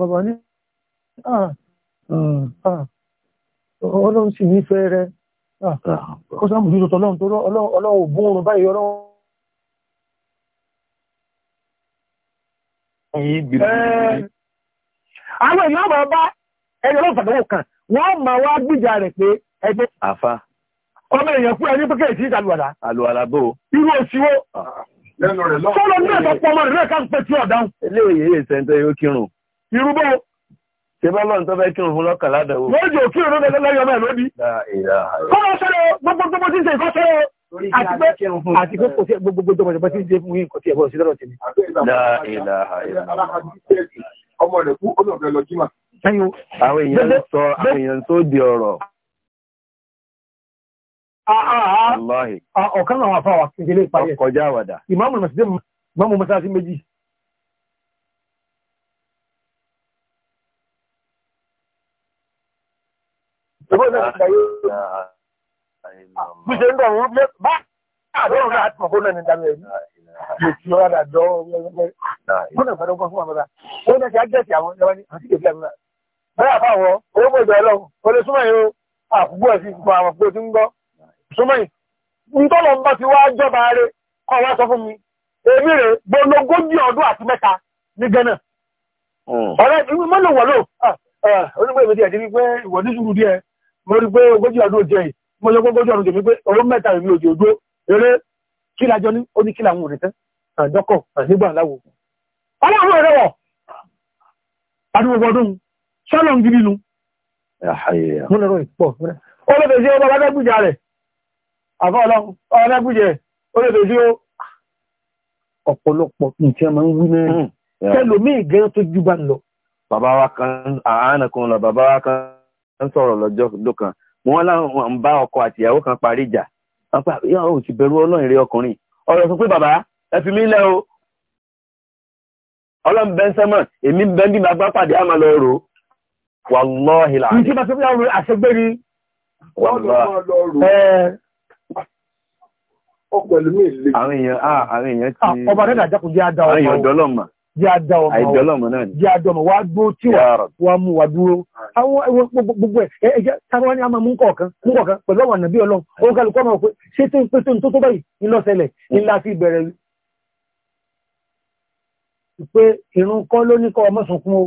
bàbá ní ah, ah, ọlọ́run sì ní fẹ́ rẹ̀ kó sáàmù jù tọ́lọ́run tó ọlọ́run ògbóhùn báyìí ọlọ́run eh, àwọn èèyàn bàbá ẹni ọlọ́run fàdánwò kan wọ́n máa wá gbìjà rẹ̀ pé ẹgbẹ́. àfa. ọmọ èèyàn fún ẹni pé kéèsì ìta àlùwàlà. àlùwàlà bò. irú òṣìwò. sọ́lọ́ ní ẹ̀tọ́ pọ̀ ọmọ rẹ̀ ká pé tí ọ̀ dáhùn. eléyìí yéé sẹ́ńtẹ́ yóò kírun. irú bó. ṣé bá lọ́run tó fẹ́ kírun fún lọ́kànlá dẹ̀wò. lóòjò kírun ló dẹ́gbẹ́ lẹ́yìn ọmọ ẹ̀ lódì. kọ́lọ́ sọ́lọ́ gbogbo tó bó ti ń ṣe ìkọ́ sọ́lọ́ àti pé kò sí gbogbo jọmọ̀jọmọ̀ tí ń jẹ fún ìkọ̀ tí ẹ̀bọ̀ sí lọ́rọ̀ tèmi. ọmọ rẹ̀ kú ó lọ́ọ̀fẹ́ lọ jímà àwọn èèyàn sọ àwọn èèyàn tó di ọ̀rọ̀. Ah, ah, ah. ọ̀kan náà wà fún àwọn akékeré ìparí ẹ̀ kọjá àwàdà ìmáàmù mọ̀sídé ìmáàmù mọ́sálásí méjì. bí ṣe ń dọ̀ wọ́n bá àdéhùn náà àti mọ̀kó náà ní ìdáná ẹ̀rí lòtí ọ̀rọ̀ àdó ọ̀rọ̀ ẹgbẹ́ kó náà fẹ́rẹ̀ kọ́ fún àmọ́ra ó náà ṣe á gẹ̀ẹ́sì àwọn ẹ̀rọ ní àti kèfì àmọ́ra bẹ́ẹ̀ àbáwọ̀ owó pẹ̀lú ọlọ́run o lè súnmọ́ ìró àkúgbọ́ ẹ̀sìn ìfipọ̀ àwọn pé o ti ń gbọ́ súnmọ́ ì ntọ́lọ̀ ń bá ti wá jọba rẹ sọ fún mi èmi rè gbọ́lógójì ọdún àti mẹ́ta ní Ghana hmm. ọ̀rẹ́ wọ̀ ah, ah, èmi díẹ̀ pé ìwọ ní sùúrù díẹ̀ mo rí pé ogójì ọdún òjẹ́ yìí mo ọdún sálọ̀n gidi nu mo lọ́rọ̀ ìpọ̀ olóòtú sí ọba adágbùjà rẹ̀ àfọ́ ọlọ́run ọba adágbùjẹ olóòtú sí ọ̀pọ̀lọpọ̀ nǹkan máa ń wí náà hmm, tẹlòmíì gan tó jù bá ń lọ. bàbá wa kan àánà kan lọ bàbá wa kan ń sọ̀rọ̀ lọ́jọ́ lókan wọ́n láwọn ń bá ọkọ àtìyàwó kan parí ìjà wọ́n ti bẹ̀rù ọlọ́run ọkùnrin ọ̀rọ̀ sọ pé bàbá ẹ mí lẹ́ o ọlọ́run bẹ́ńsẹ́mọ̀ èmi bẹ́ńbí máa gbá pàdé wàlọ́hì láàrin. Ìjọba tó bí àwọn àṣẹgbérí. Ah, àwọn èèyàn ti. Ah, ọba rẹ̀ dàjẹ́kù jẹ́ àdá ọmọ. Àwọn èèyàn dọ́lọ́mà. Jẹ́ àdá ọmọ. Àìdọ́lọ́mà náà ni. Jẹ́ àdá ọmọ wá gbó tí Àwọn a máa mú kọ̀ọ̀kan mú kọ̀ọ̀kan pẹ̀lú àwọn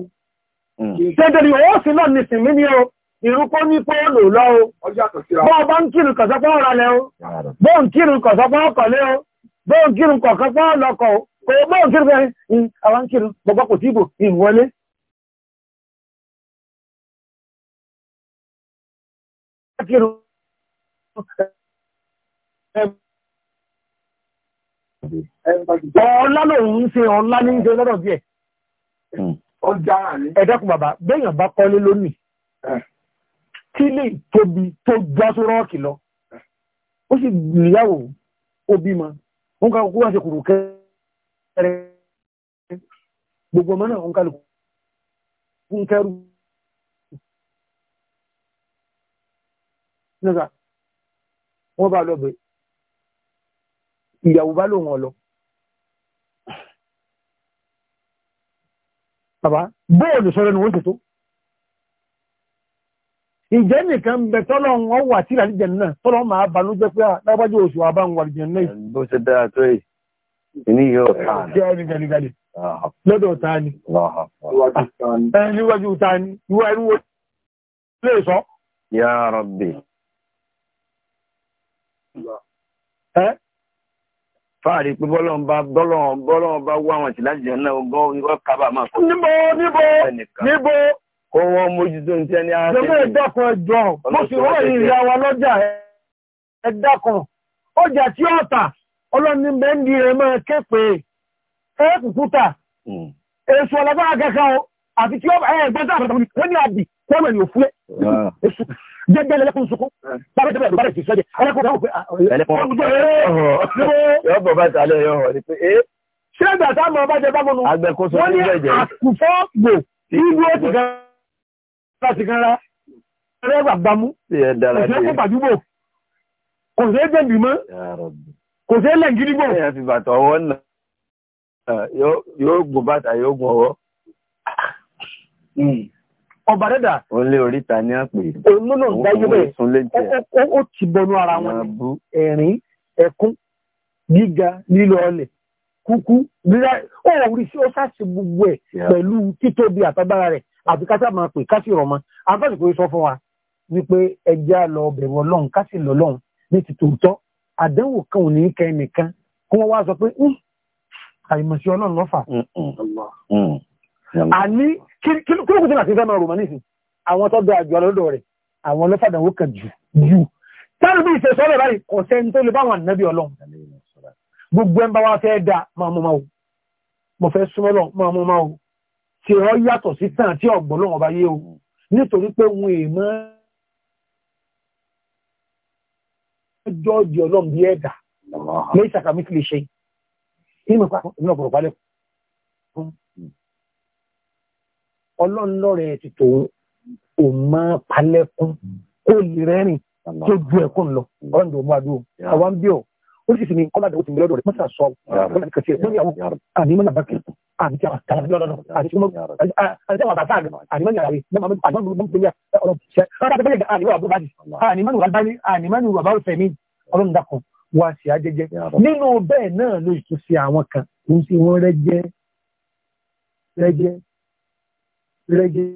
Gẹ́gẹ́ ni ó sì náà ní sinmi ní o, ìrúkọ́ ní pé ó lò lọ o. Bọ́ ọba ń kírun kọ̀sọ́pọ́ ọ̀rọ̀ lẹ o. Bọ́ ń kírun kọ̀sọ́pọ̀ ọkọ̀lé o. Bọ́ ń kírun kọ̀sọ́pọ̀ ọlọ́kọ̀ o. Bọ́ ń kírun kọ̀sọ́pọ̀ àwọn kírun gbogbo kò tíbò ìwọlé. Kírun lòun ń ṣe ọ̀ọ́lá ní ń lọ́dọ̀ bí ẹ̀ ẹ dákun bàbá béèyàn bá kọ́lé lónìí tí lè tóbi tó já tó rọ́ọ̀kì lọ ó sì níyàwó òbí ma wọn kà kó wá ṣe kùrù kẹrẹ gbogbo ọmọ náà wọn kà lè kún kẹrù. wọ́n bá lọ bẹ̀ ìyàwó bá lòun ọ̀ lọ. bàbá bóòlù sọ́rọ̀ ni wọ́n ti tó ìjẹ́ nìkan bẹ tọ́lọ̀ wọn wà tí ìlàlíjẹ̀ náà tọ́lọ̀ máa banú jẹ́ pé ah, lágbájú oṣù àbá ń wàlìjẹ̀ náà bó ṣe dára tó yìí ìní yóò ta ni jẹ́ ẹni galigali lọ́dọ̀ ta ni níwájú ta ni ìwà ẹni wo lè sọ. Ya Rabbi fáàrí pé bọ́lọ́n bá bọ́lọ́n bọ́lọ́n bá wá àwọn tìlájì náà ọgọ́ ìwọ́ kábà máa kó. níbo níbo níbo. kó wọn mójútó ní sẹ́ni ara rẹ̀. lọ́mọ ẹ̀dá kan ẹ̀jọ̀ mo sì rọ́ ìrìn ìyá wa lọ́jà ẹ̀dá kan ọjà tí ó tà ọlọ́ni bẹ́ńdì rẹ̀ máa ké pé ẹ̀ kùkúta hmm. èso ọ̀làgbára kẹkẹ́ àti tí ó ẹ̀ gbọ́dọ̀ àbẹ̀tàwọn ní àbì kọ́nà yóò fúlẹ̀ ah. jẹ́jẹ́ lẹ́lẹ́kùn sunkún ah. bàbá jẹ́bẹ̀rẹ̀ bàbá ìfẹ́ sọ́jẹ́ ẹlẹ́kùn eh. Kò sí ẹgbẹ̀ ìgbìmọ̀, kò sí ẹlẹ́ ìgbìmọ̀. Ẹ̀yà ti bàtọ̀ ọwọ́ náà, ah, yóò gùn bàtà yóò gùn ọwọ́. Hmm ọba dẹ́dà. ó lé oríta ní àpè. olólò ń dáyé bẹ́ẹ̀ ó ti bọnú ara wọn ní ẹ̀rín ẹ̀kún gíga lílọ ọlẹ̀ kúkú rírá ó rí sí ó sáṣe gbogbo ẹ̀ pẹ̀lú títóbi àtàgbára rẹ̀ àti kásá máa pè kásì rọ̀ mọ́ àǹfààní kò sọ fún wa wípé ẹja lọ bẹ̀rù ọlọ́run kásì lọ lọ́run ní ti tòótọ́ àdánwò kan ò ní kẹ́ nìkan kí wọ́n wá sọ pé àìmọ̀sí àní kí ló kù tí màá ti fẹ́ máa rò mọ́ nísìn àwọn tó bẹ àjọ lọ́dọ̀ rẹ̀ àwọn ọlọ́fàdàwó kan jù jù tẹ́lú bí ìṣẹ́ sọ́rọ̀ báyìí kò sẹ́ni tó lè bá wọn nẹ́bí ọlọ́run gbogbo ẹmbá wa fẹ́ dá máa mọ́ máa wò mo fẹ́ súnmọ́ lọ máa mọ́ máa wò tí ọ yàtọ̀ sí tàn tí ọ̀gbọ́n lọ́wọ́ bá yé o nítorí pé wọn èèmọ́ jọ́ọ̀jì ọlọ́run bí ẹ̀dá lẹ́yìn sàkàmí fi lè ṣe ìmọ̀ pàápàá ìmọ̀ pọ̀rọ̀ pálẹ̀ fún ọlọ́ọ̀lọ́rẹ̀ ti tòun ò máa palẹ́kún kó lè rẹ́rìn tó ju ẹ̀kọ́ lọ ọ̀rọ̀ ìdòwò mú adúró àwa ń bí ọ ó sì sì ní kọ́lá àdàwọ̀ tìǹbẹ̀lẹ̀ ọ̀dọ̀ rẹ̀ mọ́tà sọ ọ̀rọ̀ ìkẹsẹ̀ wọ́n ní àwọn àní mọ́nà bá kẹ́kọ̀ọ́ àní tí a tàbí lọ́dọ̀ àní tí wọ́n bá tàbí àní mọ́nà àrí àní mọ́nà bá ọ̀rọ̀ ṣẹ́ rárá tó bẹ́ẹ̀ àní wà bó bá di àní mọ́nà wà bá ní àní mọ́nà wà bá fẹ̀ mí ọlọ́run dàkọ̀ wá sí ajẹ́jẹ́ nínú bẹ́ẹ̀ náà ló sì tún sí àwọn kan ń sí wọ́n rẹ́jẹ́ rẹ́jẹ́ rẹ́gẹ́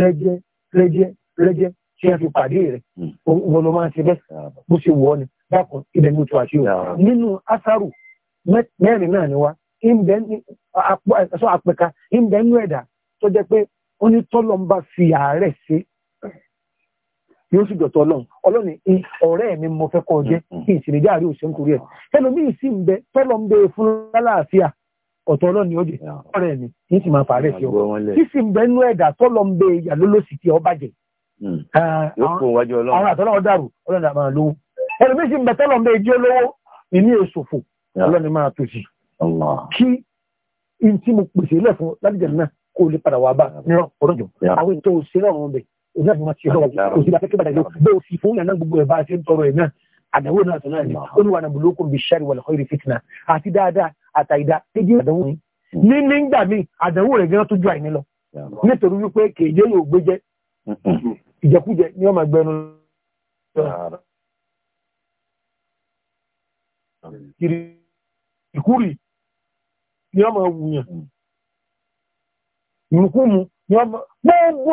rẹ́gẹ́ rẹ́gẹ́ rẹ́gẹ́ tí a fi pàdé rẹ̀ hmm. ni dákun ibẹ̀ ni mo nínú asaru mẹ́rin náà ni wá sọ àpẹka ìbẹ̀ nú ẹ̀dá tó jẹ́ pé ó ní yóò sì dọ̀tọ̀ ọlọ́run ọlọ́run ọ̀rẹ́ mi mo fẹ́ kọ́ jẹ́ kí hmm. ẹ̀ ń bẹ ń bẹ fún ọ̀tọ̀ ọlọ́ni ó di ọ̀rẹ́ mi ní sì máa fàárẹ̀ sí ọ kí sì ń bẹnu ẹ̀dà tọ́lọ ń bẹ ìyà lólósì tí ọ bàjẹ́ hmm. àwọn àtọ́lọ́ ọ dàrú ọlọ́ni àmà lówó ẹni méjì ń bẹ tọ́lọ ń bẹ ìdí olówó ìní èsòfò ọlọ́ni máa tó sí kí n tí mo pèsè ilẹ̀ fún ládìjẹ́ náà kó o lè padà wá bá nírọ̀ ọ̀rọ̀jọ̀ àwọn ètò òṣèlú ọ̀run bẹ̀ òṣèlú àti àdánwò náà tó náà ni ó ní wà ní bulukun bí sari wal khairi fitna àti dáadáa àtàìdá kéjì àdánwò ni hmm. ní nígbà míì àdánwò rẹ̀ gẹ́gẹ́ tó ju àìní lọ nítorí wípé kéde yóò gbé jẹ hmm. ìjẹkújẹ ni wọn máa gbẹnu kiri ìkúrì ni wọn máa wùyàn hmm. ìmùkúmu gbogbo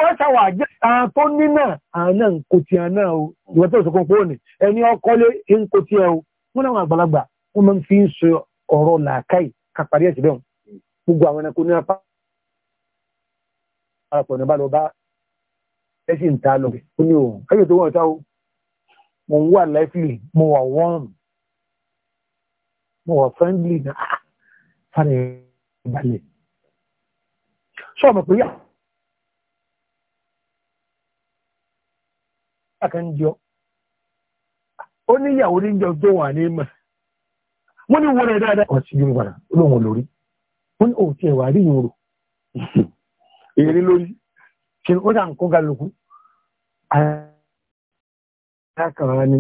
ọ̀sà wà jẹ́ àwọn tó ní náà àwọn náà ń kò tiẹ̀ o ìwọ́n tó sọkún pé òní ẹni ọkọ́lé ń kò tiẹ̀ o wọ́n láwọn àgbàlagbà wọ́n máa ń fi ń sọ ọ̀rọ̀ làákàyè kápárí ẹ̀sìn bẹ́ẹ̀ gbogbo àwọn ẹranko ní apá àpọ̀ ní bá lọ bá ta lọ ó ní òun ẹ̀yọ̀ tó wọ́n ta o mo ń wà láìfìlì mo wà wọ́n mo wà fẹ́ńdìlì náà ah, fara ìbalẹ̀ sọ́ọ̀mù pé yàtọ̀ àkànjọ ó ní ìyàwó níjọ tó wà ní mà wọ́n ní wọ́n rẹ̀ dáadáa ọ̀sì yóò wà lóhun lórí wọ́n ní òkè wà rí yòrò èrè lórí ṣe ó dà ń galùkù alákàrà ni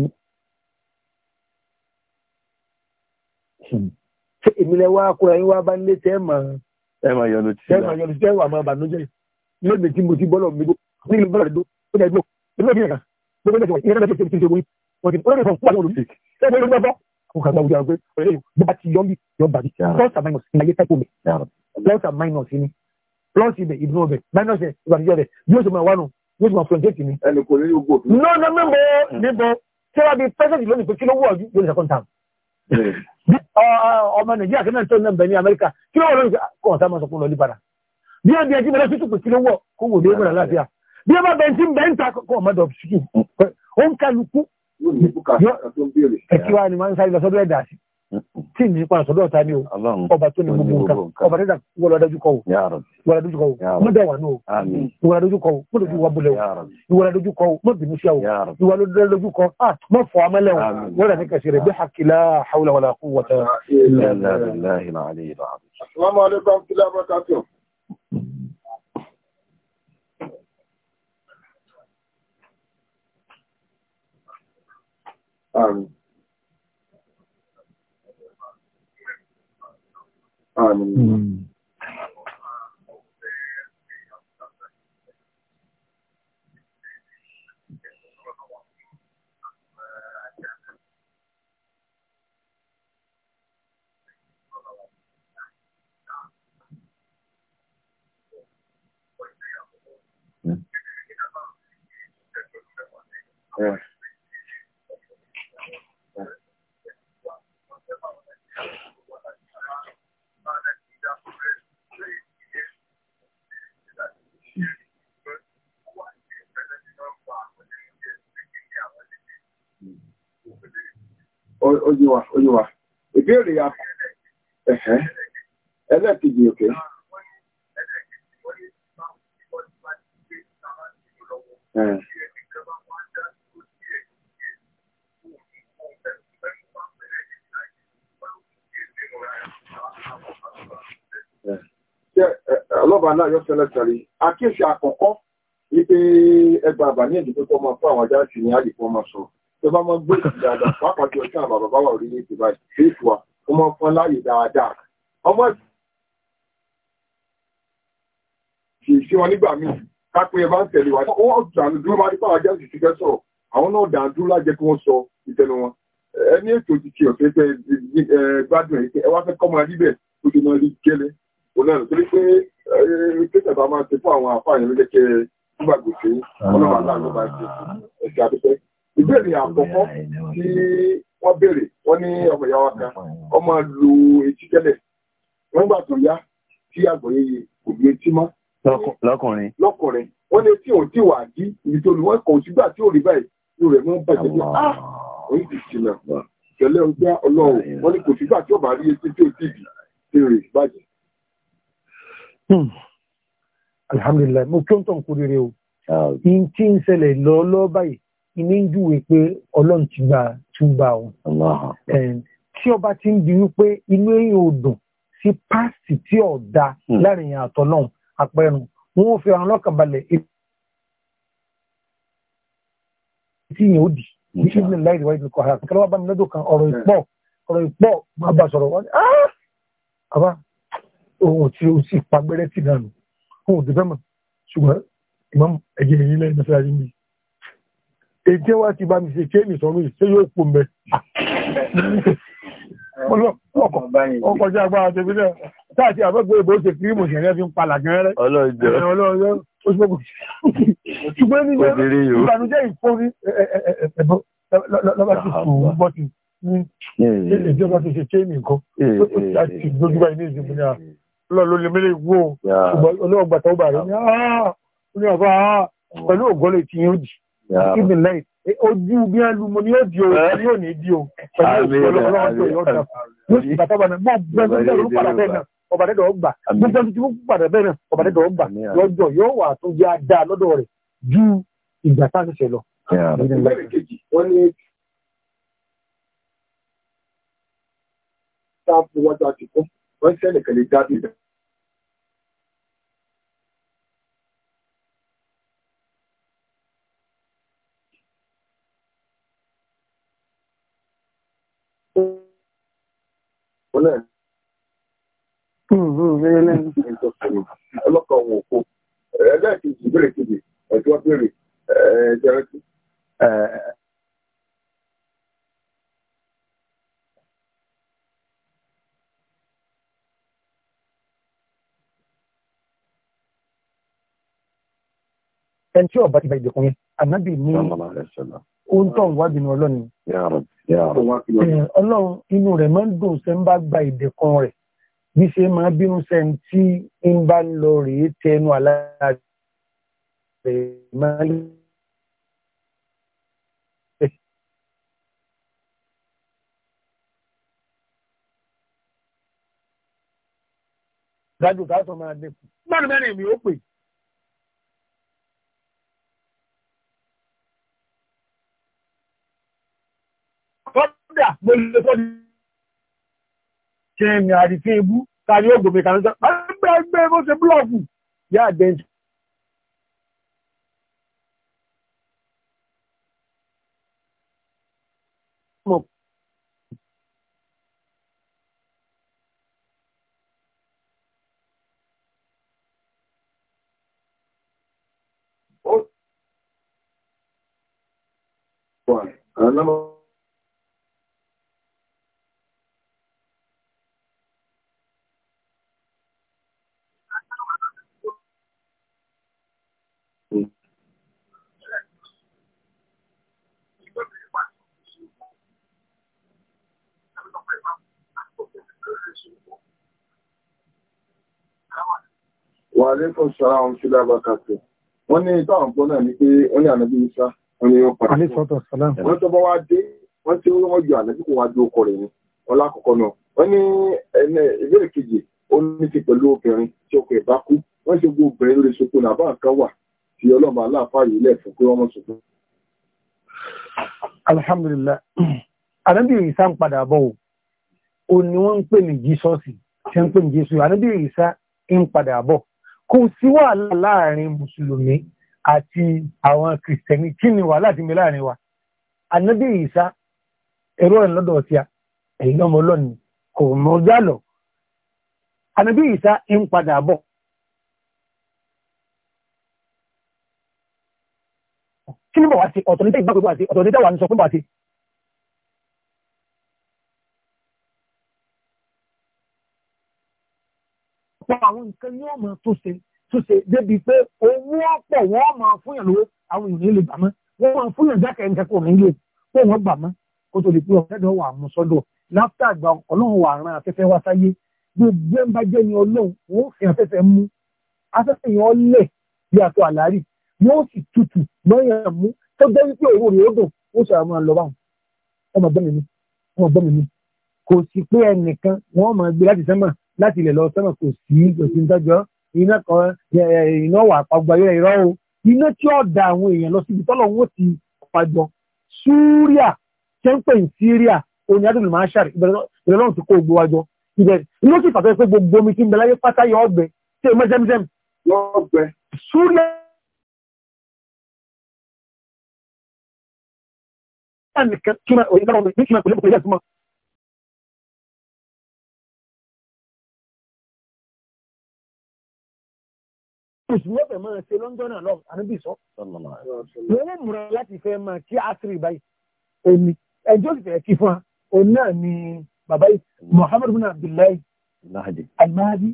ṣe ìmìlẹ̀ wa kúra yín wá bá nílé tẹ́ mà ẹ mà yọ lójú tẹ́ mà yọ lójú tẹ́ wà mà bànújẹ́ lónìí tí mo ti bọ́lọ̀ mi dó nílùú bọ́lọ̀ mi dó ó dẹ̀ dó ó dẹ̀ bí ẹ̀ka gbogbo ẹgbẹ́ ìyẹn náà ti ṣe oyin ọdún olórí ìfọ̀n fún àwọn olùdíje ṣé ìwé olùdíje bọ́ o kà gba òjò àgbẹ̀ ọ̀rẹ́ yìí bó bá ti yọ bí yọ bàbí plus and minus ìlàyé tẹ́kọ̀ mi plus and minus ni plus ibẹ̀ ìdùnnú ọbẹ̀ minus ẹ̀ ìbàdíjọ́ rẹ̀ yóò ṣe máa wá nù yóò ṣe máa frontage mi. ẹnì kò ní yóò no no mímọ níbo ṣé wàá di pẹ́sẹ̀tì lónìí pé kí ló wọ̀ ọdún yóò ní second term. ọmọ nàìjíríà kí bí ẹ bá bẹ̀ tí ń bẹ̀ ń ta kọ́kọ́ ọmọdé ọ̀fíìsì ó ń kálukú ẹ̀kí wa ni wọ́n ń sáré lọ sọ́dọ̀ ẹ̀dá sí tí ní ipa sọ́dọ̀ ọ̀tá ni o ọba tó ní gbogbo nǹkan ọba tó dà wọ́n lọ dojú kọ o wọ́n lọ dojú kọ o mọ́ dẹ̀ wà náà o ìwọ lọ dojú kọ o mọ́ dojú wà bulẹ̀ o ìwọ lọ dojú kọ o mọ́ bínú sí o ìwọ lọ dojú kọ a mọ́ fọ amẹ́lẹ̀ o wọ́n rẹ̀ ní kẹsì rẹ̀ bí hakilá hawla wàlá kú wọ́tá. آمين آمين Yeah. yíwa ó yíwa ìbéèrè ẹ̀hẹ́ ẹlẹ́ẹ̀kejì òkè. ọlọ́ba náà yọ sẹ́lẹ̀ sẹ́lẹ̀ àkọ́kọ́ wípé ẹgbàá ní fún àwọn ajá sí ní sọ̀rọ̀. tó bá máa gbé ìdàgbà pàápàá tí ọjọ́ àbàbà bá wà orílẹ̀-èdè báyìí ṣé ìtura ó máa fọ́n láàyè dáadáa ọmọ kì í ṣe wọn nígbà míì kápẹ́ ẹ bá ń tẹ̀lé wa ó dànù dúró bá dípò àjẹ́ sì ti fẹ́ sọ̀rọ̀ àwọn náà dànù dúró lájẹ́ kí wọ́n sọ ìtẹnu wọn ẹni ètò ti ṣe ọ̀fẹ́ fẹ́ gbádùn ẹ̀ ẹ wá fẹ́ kọ́ máa rí ó ti ìbéèrè àkọ́kọ́ tí wọ́n béèrè wọ́n ní ọmọ ìyá wa kan ọmọ lu etí tẹ́lẹ̀ wọ́n gbà tó yá tí àgbọ̀yé yẹ kò lu etí mọ́. lọ́kùnrin lọ́kùnrin wọ́n ní etí òun ti wà á dí ibi tó lu wọ́n kàn sígbà tí ò rí báyìí ló rẹ̀ mọ́ bàjẹ́ bí ah! a òun ti ṣìnà tẹ̀lé ọgbà ọlọ́run wọ́n ní kò sígbà tí ò rí etí tí ò ti dì tí rè bàjẹ́. Hmm. alhamdulilayi mo kí ó ń tàn rere o n tí ń ṣẹlẹ̀ lọ́ọ́ lọ́ọ́ báyìí ìní ń júwe pé ọlọ́run ti gba túbà o. tí ọba ti ń di wípé inú èyàn ò sí páàsì tí ò da hmm. láàrin èèyàn àtọ́lọ́run apẹ̀rùn wọn ò fi ọ̀ràn lọ́kàn balẹ̀ tí èèyàn ó dì bí ṣíbílẹ̀ láì rí wáyé kọ́ ara kí lọ́wọ́ bá mi lọ́dọ̀ kan ọ̀rọ̀ hmm. ìpọ̀ ọ̀rọ̀ ìpọ̀ máa bá sọ̀rọ̀ wọn. Ah! àbá ohun tí o sì pa gbẹ́rẹ́ tì náà nù ohun ò dé fẹ́ mọ̀ ṣùgbọ́n ìmọ̀ ẹ̀jẹ̀ yìí lẹ́yìn mẹ́fẹ́ mi ètè wá ti bá mi ṣe ké mi sọ̀rọ̀ ìṣe yóò pò mẹ́. ọkọ̀já agbára tẹ̀mí náà táàtì àbẹ́gbẹ́ ìbò ṣe kírìmù ṣẹ̀rẹ́ fi ń palà gan rẹ́. ọlọ́jọ́ ọlọ́jọ́ ṣùgbọ́n nígbà ìbànújẹ́ ìfọ́nrí lọ́ba ti sùn bọ́tì ìjọba ti ṣe ké mi nǹkan ó ti àti ìdójúbá ilé ìdìbò ní à lọ́ọ̀lọ́ lè mẹ́lẹ̀ wó ọlọ́ọ̀gbàtà ó bà rẹ̀ ní àá pẹ̀lú ògọ́lẹ̀ tí yóò dì even lẹ́yìn eh, ojú bí ẹ lu mo ni yóò di o yóò eh? ní di o pẹ̀lú ọlọ́run yóò dà yóò sì bàtà bàtà mọ gbẹgbẹ gbẹgbẹ ló padà bẹ́ẹ̀ náà ọba dẹ́dọ̀ ọgbà gbẹgbẹ tó ti mú padà bẹ́ẹ̀ náà ọba dẹ́dọ̀ ọgbà lọ́jọ́ yóò wà tó jẹ́ adá lọ́dọ̀ rẹ̀ ju ìgbà tá a ṣẹ̀ṣẹ̀ lọ. wọ́n ní òun náà hmm, hmm, ọlọ́kọ̀ wọn òkú ẹgbẹ́ kejì ìbéèrè kejì ẹ̀tí wọ́n béèrè ẹ̀ẹ́dẹ́rẹ́tì. ẹn tí ọba ti bá ìdẹkùn yẹn anabi ní ó ń tọ̀ wá bínú ọlọ́ni. Eh, ọlọ́run inú rẹ̀ máa ń dùn sẹ́ ń bá gba ìdẹ̀kan rẹ̀ bí ṣe máa bínú sẹ́ ń tí ń bá ń lọ rèé tẹ ẹnu àlàyé rẹ̀ máa máa dẹkùn. Gbádùn mẹ́rin mi ó pè é. kọ́dà mo lè sọ ní ṣe ní àrífín ibú tàbí ògbòmí kàlọ́sọ́ gbẹ́gbẹ́ bó ṣe búlọ́ọ̀kù yá àgbẹ̀ntì One. Uh, number wà lẹ́kùn sọ́ra ohun tí lábà kàtẹ́ wọ́n ní táwọn gbọ́ náà ni pé wọ́n ní ànábì isa wọ́n ní wọ́n padà wọ́n tó bá wá dé wọ́n tí ni wọ́n lákọ̀ọ́kọ́ náà wọ́n ní ìbéèrè kejì ó ní ti pẹ̀lú obìnrin tí ọkọ ẹ̀ bá kú wọ́n ṣe gbogbo obìnrin lórí soko náà bá nǹkan wà tí ọlọ́mọ aláàfáà yìí fún pé wọ́n mọ̀ sọ̀tún. alhamdulillah ànábì isa ń padà ni wọ́n ń pè ní jísọ́ọ̀sì tí kò sí wàhálà láàrin mùsùlùmí àti àwọn kìrìsìtẹ́nì kí ni wàhálà ti mi láàrin wa ànábì ìsá ẹ̀rọ ẹ̀ lọ́dọ̀ ọ̀síà ẹ̀yìn ọmọ ọlọ́ni kò mọ ọjà lọ ànábì ìsá ń padà bọ̀ kí ni bọ̀ wá sí ọ̀tọ̀ níta ìgbàgbọ́ àti ọ̀tọ̀ níta wà ní sọ fún bọ̀ àti ọ̀pọ̀ àwọn nǹkan ni wọ́n máa túnṣe túnṣe débi pé owó ọ̀pọ̀ wọ́n máa fún yàn lówó àwọn èèyàn lè gbà mọ́ wọ́n máa fún yàn jákè ẹnìkan kò ní lè kó wọ́n gbà mọ́ kó tó di pé ọ̀gẹ́dọ̀ wà mú sọ́dọ̀ láfíà àgbà ọlọ́run wà ran afẹ́fẹ́ wá sáyé gbogbo ẹ̀ ń bá jẹ́ ni ọlọ́run wọ́n fi afẹ́fẹ́ mú afẹ́fẹ́ yẹn lẹ̀ bí aṣọ àlárí yóò sì tutù lọ́yàn mú tó jẹ́ wípé òru rèé dùn ó sì àwọn lọ báwọn ọmọ gbọ́n mi ọmọ gbọ́n mi kò sí pé ẹnìkan wọ́n máa gbé láti sẹ́mà láti ilẹ̀ lọ sọ́nà kò sí òsì ń tọ́jọ́ iná kan iná wà pàgbà yóò irọ́ o iná tí ó da àwọn èèyàn lọ síbi tọ́lọ̀ wọ́n ti pàjọ súríà tẹ́ńpẹ̀ síríà oní adùn máa ṣàrì ìbẹ̀rẹ̀ lọ́run ti kó gbogbo wájọ ibẹ̀ iná sì pàtó pé gbogbo omi tí ń bẹ láyé pátá yọ ọgbẹ tí èèmọ zẹmzẹm yọ ọgbẹ súríà nìkan túnra òyìnbá ọmọ ìgbésùnmọ̀ kò lè kò lè yẹ mùsùlùmí ọ̀fẹ́ máa ṣe lọ́jọ́ náà lọ́wọ́ àníbì sọ. wọ́n lè múra láti fẹ́ máa kí àṣírí báyìí òní ẹjọ́ sì fẹ́ kí fún wa òun náà ni bàbá yìí Muhammad bin Abdullahi Al-Mahdi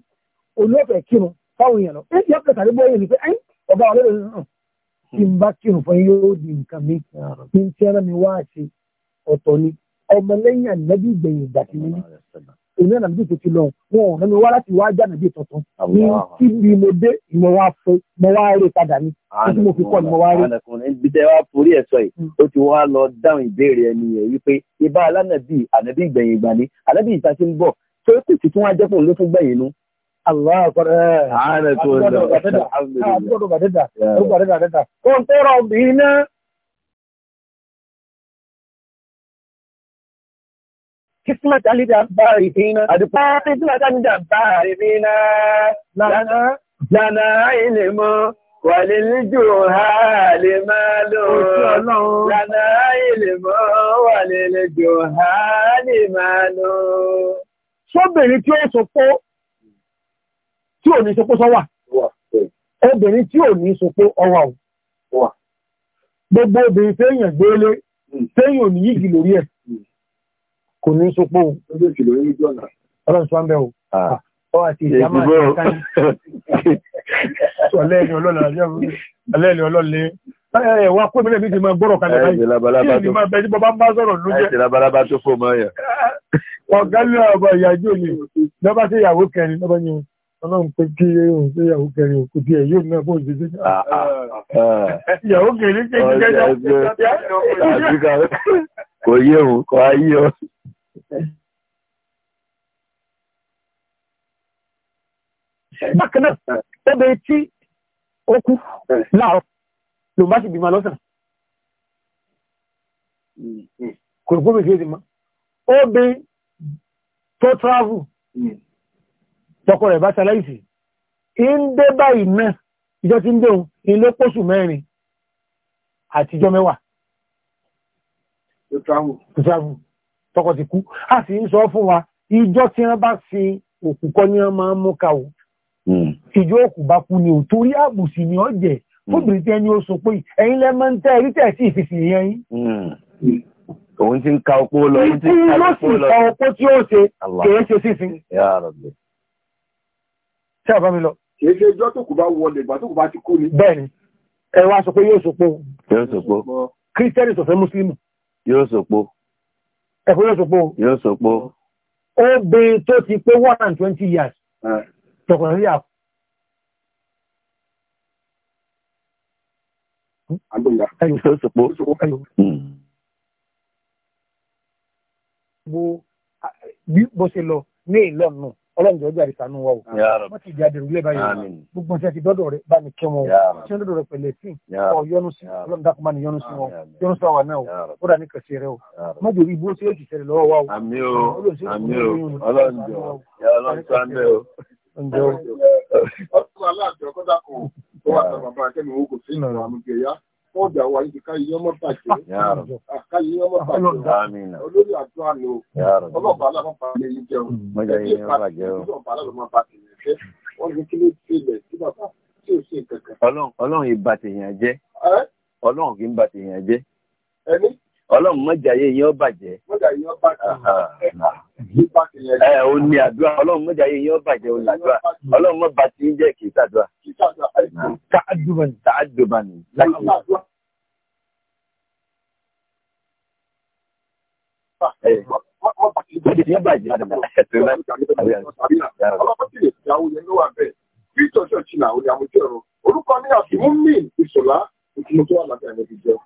olóòfẹ́ kírun fáwọn èèyàn lọ. èyí ọ̀pẹ̀ tàbí bóyá ni pé ẹ́yìn ọba ọ̀rẹ́ rẹ̀ náà kí n bá kírun fún yóò di nǹkan mi kí n tí ara mi wá ṣe ọ̀tọ̀ ni ọmọlẹ́yìn ànábì òní ẹ̀nà méjì tó ti lọ wọn ò nínú wá láti wá jà nàbí tuntun ní tíbi mo dé mo wá fún mo wá rí padà ní títí mo fi kọ́ ni mo wá rí. ibi tẹ wá forí ẹ sọ yìí hmm. ó ti wá lọ dáhùn ìbéèrè ẹni yẹn wípé ibà alánàbí ànábì ìgbẹ̀yìn ìgbà ni ànábì ìta ti ń bọ̀ tó kù sí tí wọ́n á jẹ́ fún ló fún gbẹ̀yìn nu. Allah akọrẹ ẹ àgbọdọ̀ bàdẹ́dà àgbọdọ̀ bàdẹ́dà àgbọdọ̀ bàdẹ́dà kismat alida barifina adupa kismat alida barifina lana lana ilimo wàlélíjò ha lè máa lò lana ilimo wàlélíjò ha lè máa lò. sóbìnrin tí ó sopó tí ò ní sopó sọ́wà obìnrin tí ò ní sopó ọwà o gbogbo obìnrin téèyàn gbélé hmm. téèyàn ò ní yígi lórí ẹ̀ kò ní sopó ọlọ́run sọ bẹ́ẹ̀ o ọ àti ìyàmà ìkànnì ọlẹ́ni ọlọ́lẹ́ ẹ̀wà kó mílẹ̀ méjì máa gbọ́rọ̀ kalẹ̀ báyìí tí ìlú máa bẹ̀ẹ́ bọ́bá bá sọ̀rọ̀ ló jẹ́ ìlabalaba tó fò mọ́ yẹn ọ̀gá ní ọ̀bọ̀ ìyàjú òní lọ́bá sí ìyàwó kẹrin lọ́bá ní ọlọ́run pé kí ẹ̀hún sí ìyàwó kẹrin òkú tí ẹ̀ yóò náà fún òṣèṣẹ́ ìyàwó kẹrin kékeré jẹ́ bákan náà tẹ́bẹ̀ tí ó kú láàrọ̀ ló bá sì bímọ lọ́sàn kò rò gómìnà ìdí mọ́ ó bí tó travel tọkọ rẹ̀ bá ṣaláìsì ń dé báyìí náà ìjọ tí ń dé òun ilé pósù mẹ́rin àtijọ́ mẹ́wàá tó travel tọkọ ti kú a sì ń sọ fún wa ìjọ tí wọ́n bá sin òkú kọ́ ni wọ́n máa ń mú ká o hmm. ìjọ òkú bá kú ni ò torí àbùsì ni ọ̀jẹ̀ hmm. fóbìnrin tí ẹni ó so pé ẹ̀yin lẹ́ máa ń tẹ́ ẹ̀rí tẹ̀ sí ìfisì yẹn yín. Hmm. òun ti ń ka opó lọ òun ti ń ka opó lọ ìpín ló sì ka opó tí ó ṣe kèé ṣe sísìn. ṣé àbá mi lọ. kèé ṣe ìjọ tó kù bá wọlé ìgbà tó kù bá ti kú ni. bẹ́ẹ̀ni ẹ wá sọ pé yóò sopó. yóò sopó. kírísítẹ́nì tó fẹ́ ẹ̀kọ́ yóò sọpọ̀ yóò sọpọ̀ ó bẹ tó ti pé one and twenty years tọkọ̀rọ̀ rí àpò. ẹ̀yìn tó sọpọ̀ bó ṣe lọ ní ìlọ́nù ọlọ́run jọjọ́ àìsànú wa o wọ́n ti di adẹ̀rù lẹ́bàá yìí gbogbo ṣe ti dọ́dọ̀ rẹ̀ bá mi kẹ́ wọn o tí wọ́n dọ́dọ̀ rẹ̀ pẹ̀lẹ́ sí ọ yọnu sí ọlọ́run dákun bá ní yọnu sí wọn yọnu sí wa náà o ó dà ní kẹsì rẹ o mọ́jọ ibi ó ṣe é ti ṣẹlẹ̀ wa o. àmì o àmì o ọlọ́run jọ ọlọ́run tó àndẹ o. ọkọ aláàjọ kọ́dà kò wà sọ bàbá akẹ́mi owó kò sí ìlànà àmì fún ọ̀dà wa yìí ká iye ọmọ bàjẹ́ ká iye ọmọ bàjẹ́ olórí àjọ àná ọlọ́pàá alábàpá lè yí jẹun ẹgbẹ́ mm, ìpàdé ọlọ́pàá alábàpá lè yí jẹ wọ́n ní kí ló tilẹ̀ sí bàbá tí ò sí nǹkan kan. ọlọ́run ìbàtẹ̀yàn jẹ́ ọlọ́run kì í bàtẹ̀yàn jẹ́. ẹni ọlọ́run mọ́jàyé yín ó bàjẹ́. ẹ ò ní àdúrà ọlọ́run mọ́jàyé yín ó bàjẹ́ ò làdúrà ọlọ́run mọ́ bá ti ń jẹ́ kì í sàdúrà. tààdùbàní tààdùbàní láti. Ìyẹn bàjẹ́ àdàbà ẹ̀tọ́ láti. Victor Church náà ó ní àwọn ìjọ ẹ̀rọ. Orúkọ ní àfihàn mí ìṣọ̀lá ìtumọ̀ tó wà lábẹ́ àgbẹ̀bí jẹ́.